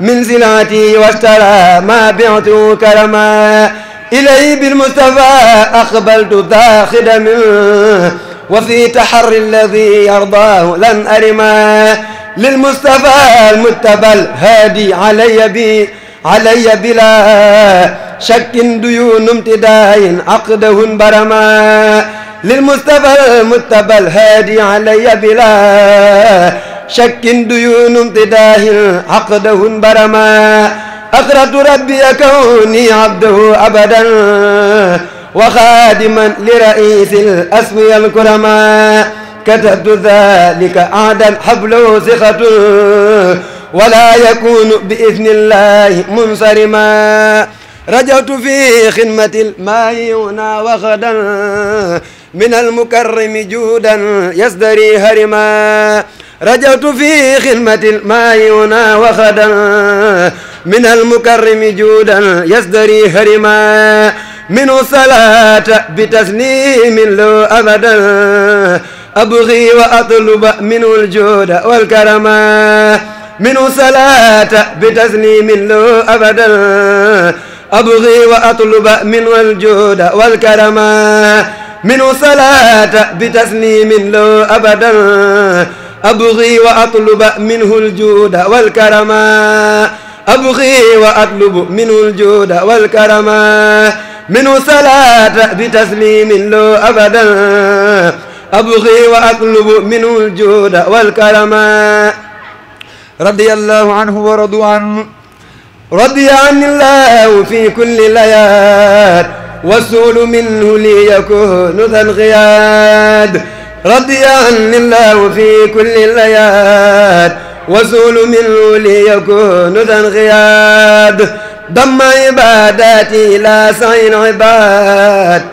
S2: من زلاتي واشترى ما بعت كرما إلي بالمصطفى أقبلت ذا خدم وفي تحر الذي يرضاه لن أرما للمصطفى المتبى الهادي علي بي علي بلا شك ديون امتداء عقده برما للمصطفى المتبى الهادي علي بلا شك ديون امتداء عقده برما أقرأت ربي كوني عبده أبدا وخادما لرئيس الأسوية الكرماء كتبت ذلك أعدا حبله ثقة ولا يكون بإذن الله منصرما rajawtu fi xidmatil maayuna waxdan min almukarrimi juudan yasdari harima rajawtu fi xidmatil maayuna waxdan min almukarrimi juudan yasdari harima minu salaata bi taslimin lo abadan abgi wa atluba minu aljuuda walkarama minu salaata bi taslimin lo abadan أبغي وأطلب منه الجود والكرم منه صلاة بتسليم له أبدا أبغي وأطلب منه الجود والكرم أبغي وأطلب منه الجود والكرم منه صلاة بتسليم له أبدا أبغي وأطلب منه الجود والكرم رضي الله عنه ورضوا عنه radiya anillahu fi kulli layaat wasuulu minhu li yakunu dhal qiyaad radiya anillahu fi kulli layaat wasuulu minhu li yakunu dhal qiyaad damma ibaadaati ilaa sayin ibaad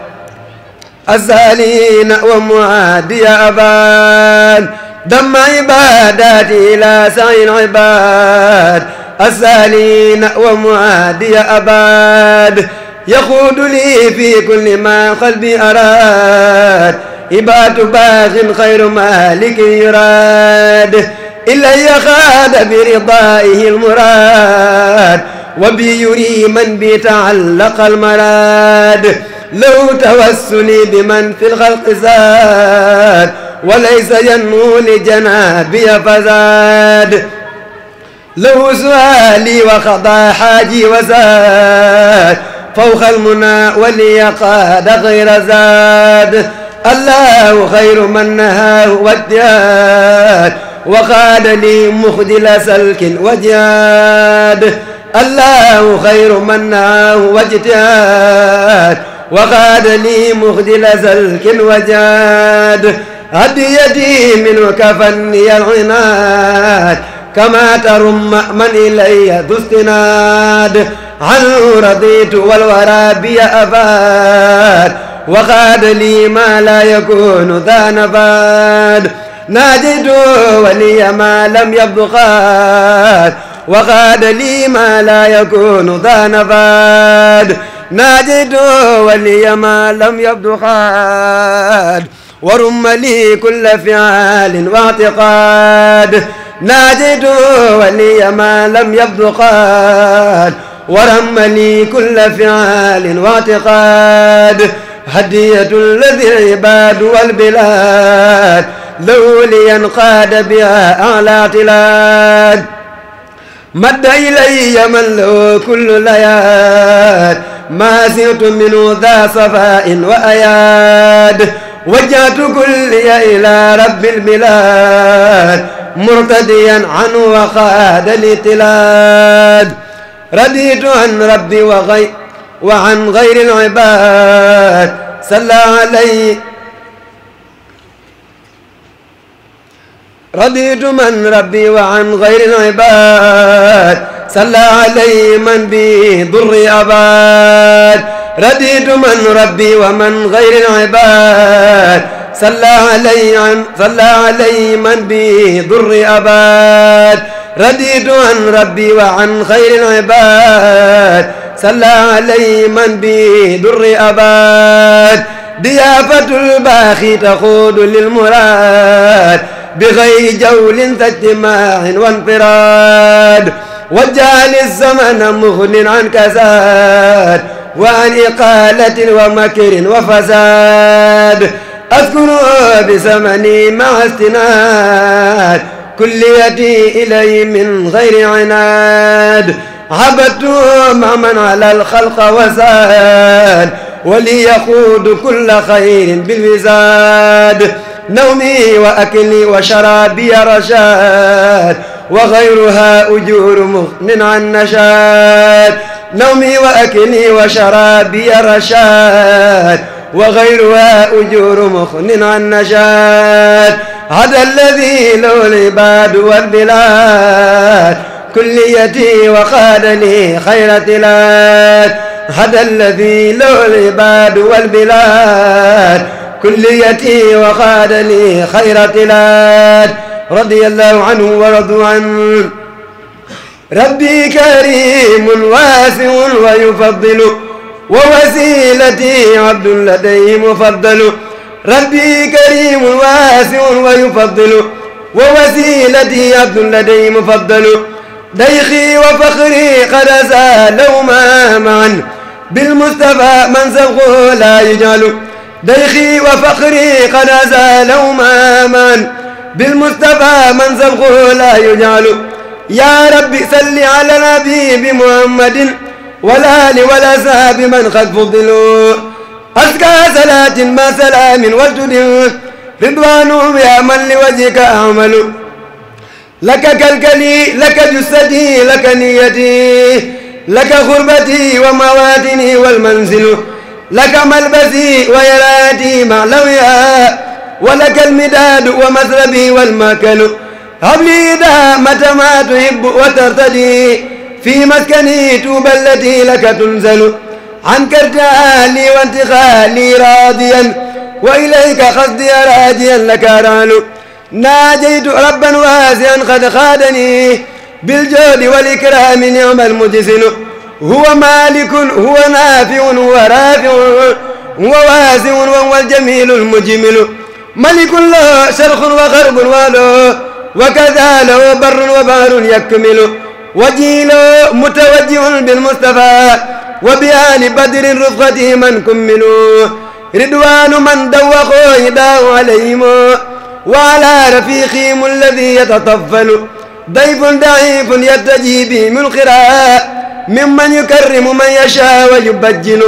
S2: azaliina wa muaadiya abaan damma ibaadaati ilaa sayin ibaad السالين ومعادي أباد يقود لي في كل ما قلبي أراد إبات باغ خير مالك يراد إلي خاد برضائه المراد وبي يري من بتعلق المراد لو توسلي بمن في الخلق زاد وليس ينمو لجنابي فزاد له سؤالي وقضى حاجي وزاد فوق المنى ولي قاد غير زاد الله خير من نهاه وجاد وقاد لي مخدل سلك وجاد الله خير من نهاه واجتاد وقاد لي مخدل سلك وجاد هدي يدي منك فني العناد كما ترم من إلي تستناد عنه رضيت والورى بي أفاد وقاد لي ما لا يكون ذا نفاد ناجد ولي ما لم يبقى وقاد لي ما لا يكون ذا نفاد ناجد ولي ما لم يبقى ورم لي كل فعال واعتقاد ناديت ولي ما لم يبد قاد ورم لي كل فعال واعتقاد هدية الذي العباد والبلاد لو لينقاد بها أعلى اعتلاد مد إلي من له كل ليات ما زلت منه ذا صفاء وأياد وجهت كلي إلى رب البلاد مرتديا عنه وخاد الاتلال رديت عن ربي وغي وعن غير العباد صلى علي رضيت من ربي وعن غير العباد صلى علي من بي ضر أباد رضيت من ربي ومن غير العباد صلى علي عن صلى علي من به ضر أباد رديت عن ربي وعن خير العباد صلى علي من به ضر أباد ضيافة الباخي تخوض للمراد بغير جول فاجتماع وانفراد وجعل الزمن مغن عن كساد وعن إقالة ومكر وفساد أذكر بزمني مع استناد كل يدي إلي من غير عناد عبدت مع من على الخلق وزاد وليقود كل خير بالوزاد نومي وأكلي وشرابي رشاد وغيرها أجور مغن عن نشاد نومي وأكلي وشرابي رشاد وغيرها أجور مخن عن نشاط هذا الذي له العباد والبلاد كليتي وقاد لي خير تلاد هذا الذي له العباد والبلاد كليتي وقاد لي خير تلاد رضي الله عنه ورضوا عنه ربي كريم واسع ويفضل wa wasilati abdun ladayhi mufaddalu rabbi karimun waasiun wa yufaddalu wa wasilati abdun ladayhi mufaddalu dayxi wa faxri qad azalahuma maan بالمصطفى من سبقه لا يجهل ديخي وفخري قد أزالهما من بالمصطفى من سبقه لا يجهل يا رب سل على النبي محمد والآل والأصحاب من قد فضلوا أزكى صلاة ما سلام والجد رضوانهم يا من لوجهك أعمل لك كالكلي لك جسدي لك نيتي لك غربتي ومواتني والمنزل لك ملبسي ويراتي معلويا ولك المداد ومثربي والمكل هب لي إذا متى ما تحب وترتدي في مسكني توبى التي لك تنزل عنك ارتحالي وانتقالي راضيا وإليك قصدي راجيا لك ران ناجيت ربا واسعا قد خادني بالجود والإكرام نعم المجسن هو مالك هو نافع هو رافع هو واسع وهو الجميل المجمل ملك له شرخ وغرب وله وكذا له بر وبار يكمل وجيلو متوجه بالمصطفى وبآل بدر رفقته من كملوا رضوان من دوخوا هداه عليهم وعلى رفيقهم الذي يتطفل ضيف ضعيف يرتجي بهم القراء ممن يكرم من يشاء ويبجل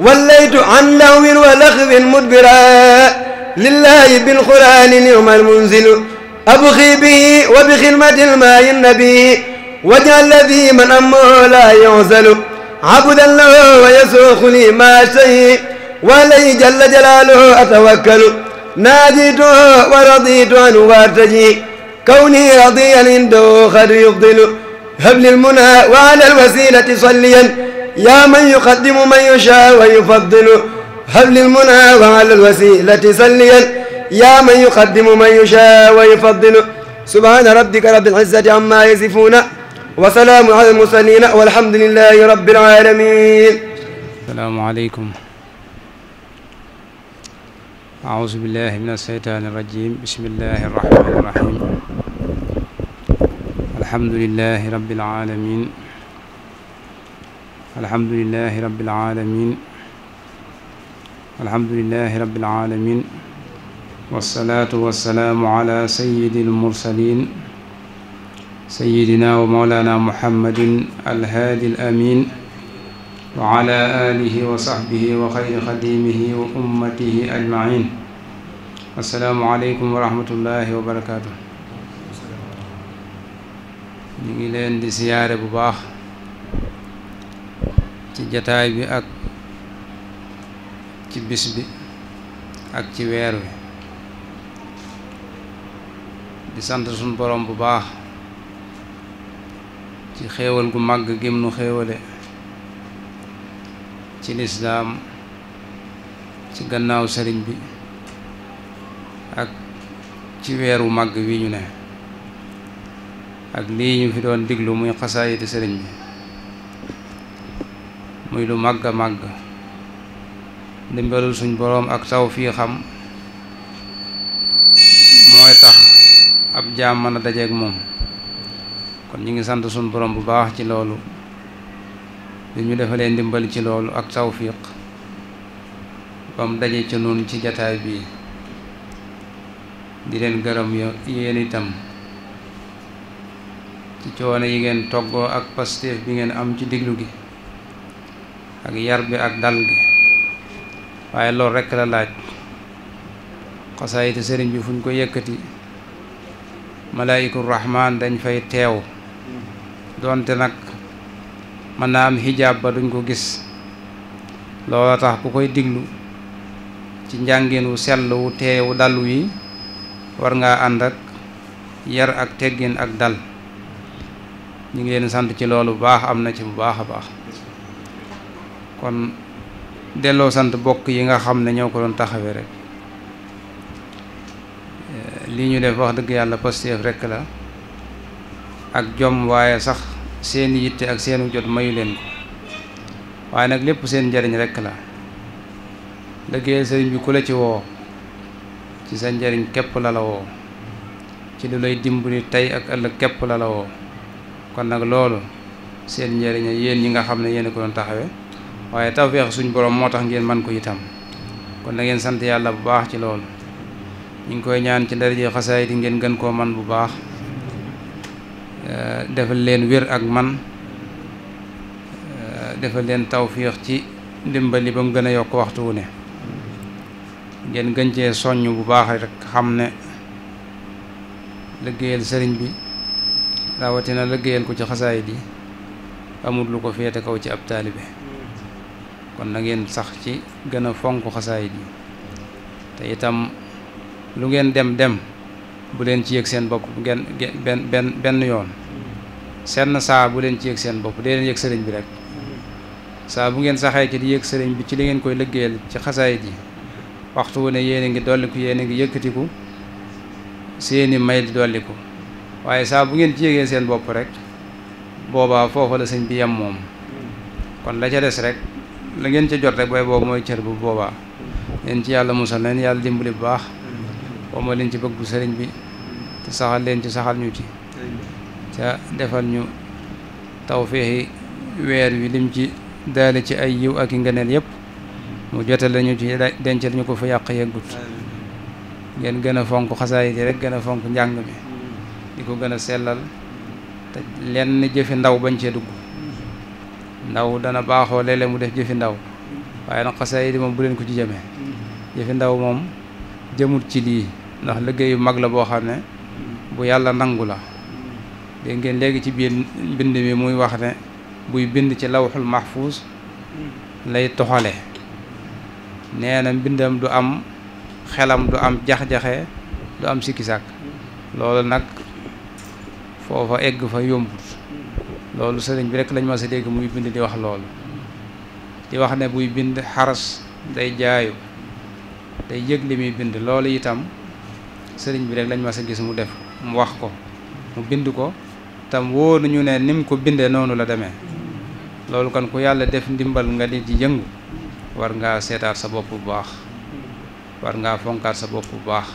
S2: وليت عن لهو ولخو مدبرا لله بالقرآن اليوم المنزل أبخي به وبخدمة الماء النبي واجعل الذي من أمه لا يعزل عبدا له ويسوق لي ما شيء وعليه جل جلاله أتوكل ناديته ورضيت عنه وارتجي كوني رضيا عنده خير يفضل هب للمنى وعلى الوسيلة صليا يا من يقدم من يشاء ويفضل هب للمنى وعلى الوسيلة صليا يا من يقدم من يشاء ويفضل سبحان ربك رب العزة عما يصفون وسلام على المرسلين والحمد لله رب العالمين
S3: السلام عليكم أعوذ بالله من الشيطان الرجيم بسم الله الرحمن الرحيم الحمد لله رب العالمين الحمد لله رب العالمين الحمد لله رب العالمين والصلاة والسلام على سيد المرسلين سيدنا ومولانا محمد الهادي الأمين وعلى آله وصحبه وخير خديمه وأمته أجمعين السلام عليكم ورحمة الله وبركاته ñu ngi leen di siyaare bu baax ci jataay bi ak ci bis bi ak ci weer wi di sant suñu borom bu baax ci xéewal gu màgg gim nu xéewale ci lislaam ci gannaaw sëriñ bi ak ci weeru màgg wi ñu ne ak lii ñu fi doon diglu muy xasaayiti sëriñ bi muy lu màgg a màgg dimbalul suñu boroom ak taw fii xam mooy tax ab jaam mën a moom kon ñu ngi sant sunu borom bu baax ci loolu bi ñu defalee ndimbal ci loolu ak tawfiq ba mu daje ci noonu ci jataay bi di leen gërëm yéen itam ci coono yi ngeen toggoo ak pasteef bi ngeen am ci diglu gi ak yar bi ak dal gi waaye loolu rekk la laaj xasaayiti sëriñ bi fu ñu ko yëkkati malaayiku rahmaan dañ fay teew doonte nag mën naa am xijaab ba duñ ko gis loola tax ku koy diglu ci njàngeen wu sell wu teewu dallu yi war ngaa ànd ak yar ak teggin ak dal ñu ngi leen sant ci loolu bu baax am na ci bu baax a baax kon delloo sant bokk yi nga xam ne ñoo ko doon taxawee rek eh, lii ñu def wax dëgg yàlla positif rekk la ak jom waaye sax seen yitte ak seenu jot mayu leen ko waaye nag lépp seen njariñ rekk la liggéeyal sëriñ bi ku la ci woo ci sa njariñ képp la la woo ci lu lay dimbali tey ak ëllëg képp la la woo kon nag loolu seen njariñ yéen ñi nga xam ne yéen a ko doon taxawee waaye tawfeex suñ borom moo tax ngeen man ko itam kon na sant yàlla bu baax ci loolu ñu koy ñaan ci daraje xasaay di ngeen gën koo man bu baax Eh, defal leen wér ak man eh, defal leen tawfiix ci ndimbali ba mu gën a yokk waxtu wu ne ngeen gën cee soññ bu baax rek xam ne liggéeyal sëriñ bi rawatina liggéeyal ko ci xasaayid yi amul lu ko féete kaw ci ab taalibe kon na ngeen sax ci gën a fonk xasaayid yi te itam lu ngeen dem dem bu leen ci yëg seen bopp ngeen benn benn benn yoon senn saa bu leen ci yëg seen bopp dee leen yëg sëriñ bi rek saa bu ngeen saxee ci di yëg sëriñ bi ci li ngeen koy liggéeyal ci xasaayit yi waxtu wu ne yéen a ngi dolliku yéen a ngi yëkkatiku seeni may di dolliku waaye saa bu ngeen ci yëgee seen bopp rek boobaa foofa la sëñ bi yem moom kon la ca des rek la ngeen ca jot rek booy boobu mooy cër bu boobaa leen ci yàlla musal leen yàlla dimbali bu baax wama leen ci bëggu sëriñ bi te saxal leen ci saxal ñu ci ca defal ñu tawféexi weer wi lim ci daale ci ay yiw ak i ngëneel yëpp mu jotal lañu ci dencal ñu ko fa yàq yeggut ngeen gën a fonk xasaayit yi rek gën a fonk njàng bi di ko gën a sellal te lenn jëfi ndaw bañ cee dugg ndaw dana baaxoo léeg-léeg mu def jëfi ndaw waaye na xasaayit yi moom bu leen ko ci jëmee jëfi ndaw moom jëmul ci lii ndax liggéeyu mag la boo xam ne bu yàlla nangu la dégg ngeen léegi ci biir mbind mi muy wax ne buy bind ci lawxul mahfuus lay toxale nee na mbindam du am xelam du am jax-jaxe du am sikki-sàkk loolu nag foofa egg fa yombut loolu sëriñ bi rek lañ ma sa dégg muy bind di wax loolu di wax ne buy bind xaras day jaayu day yëg li muy bind loolu itam sëriñ bi rek lañ ma a gis mu def mu wax ko mu bind ko tam woo wóor ñu ne ni mu ko bindee noonu la demee loolu kon ku yàlla def ndimbal nga di ci war ngaa seetaat sa bopp bu baax war ngaa fonkaat sa bopp bu baax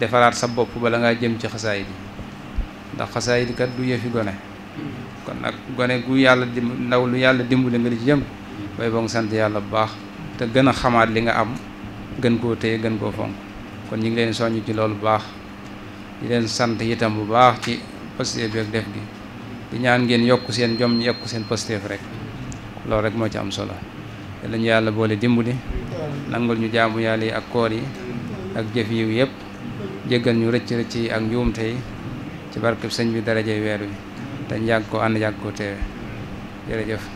S3: defaraat sa bopp bala ngaa jëm ci xasaayid yi ndax xasaayid kat du yëfi gone kon nag gone gu yàlla dim ndaw lu yàlla dimb dimbali nga di ci yëngu ba nga sant yàlla bu baax te gën a xamaat li nga am gën koo téye gën koo fonk kon ñu ngi leen soññ ci loolu baax di leen sant itam bu baax ci pasteef bi ak def gi di ñaan ngeen yokk seen jom yokk seen pasteef rek loolu rek moo ci am solo te lañu yàlla boole dimbali nangul ñu jaamu yàlla yi ak koor yi ak jëf yiw yëpp jéggal ñu rëcc rëcc yi ak njuumte yi ci barkeb sëñ bi daraje weer wi te ñu yàgg ko ànd yàgg ko teewe jërëjëf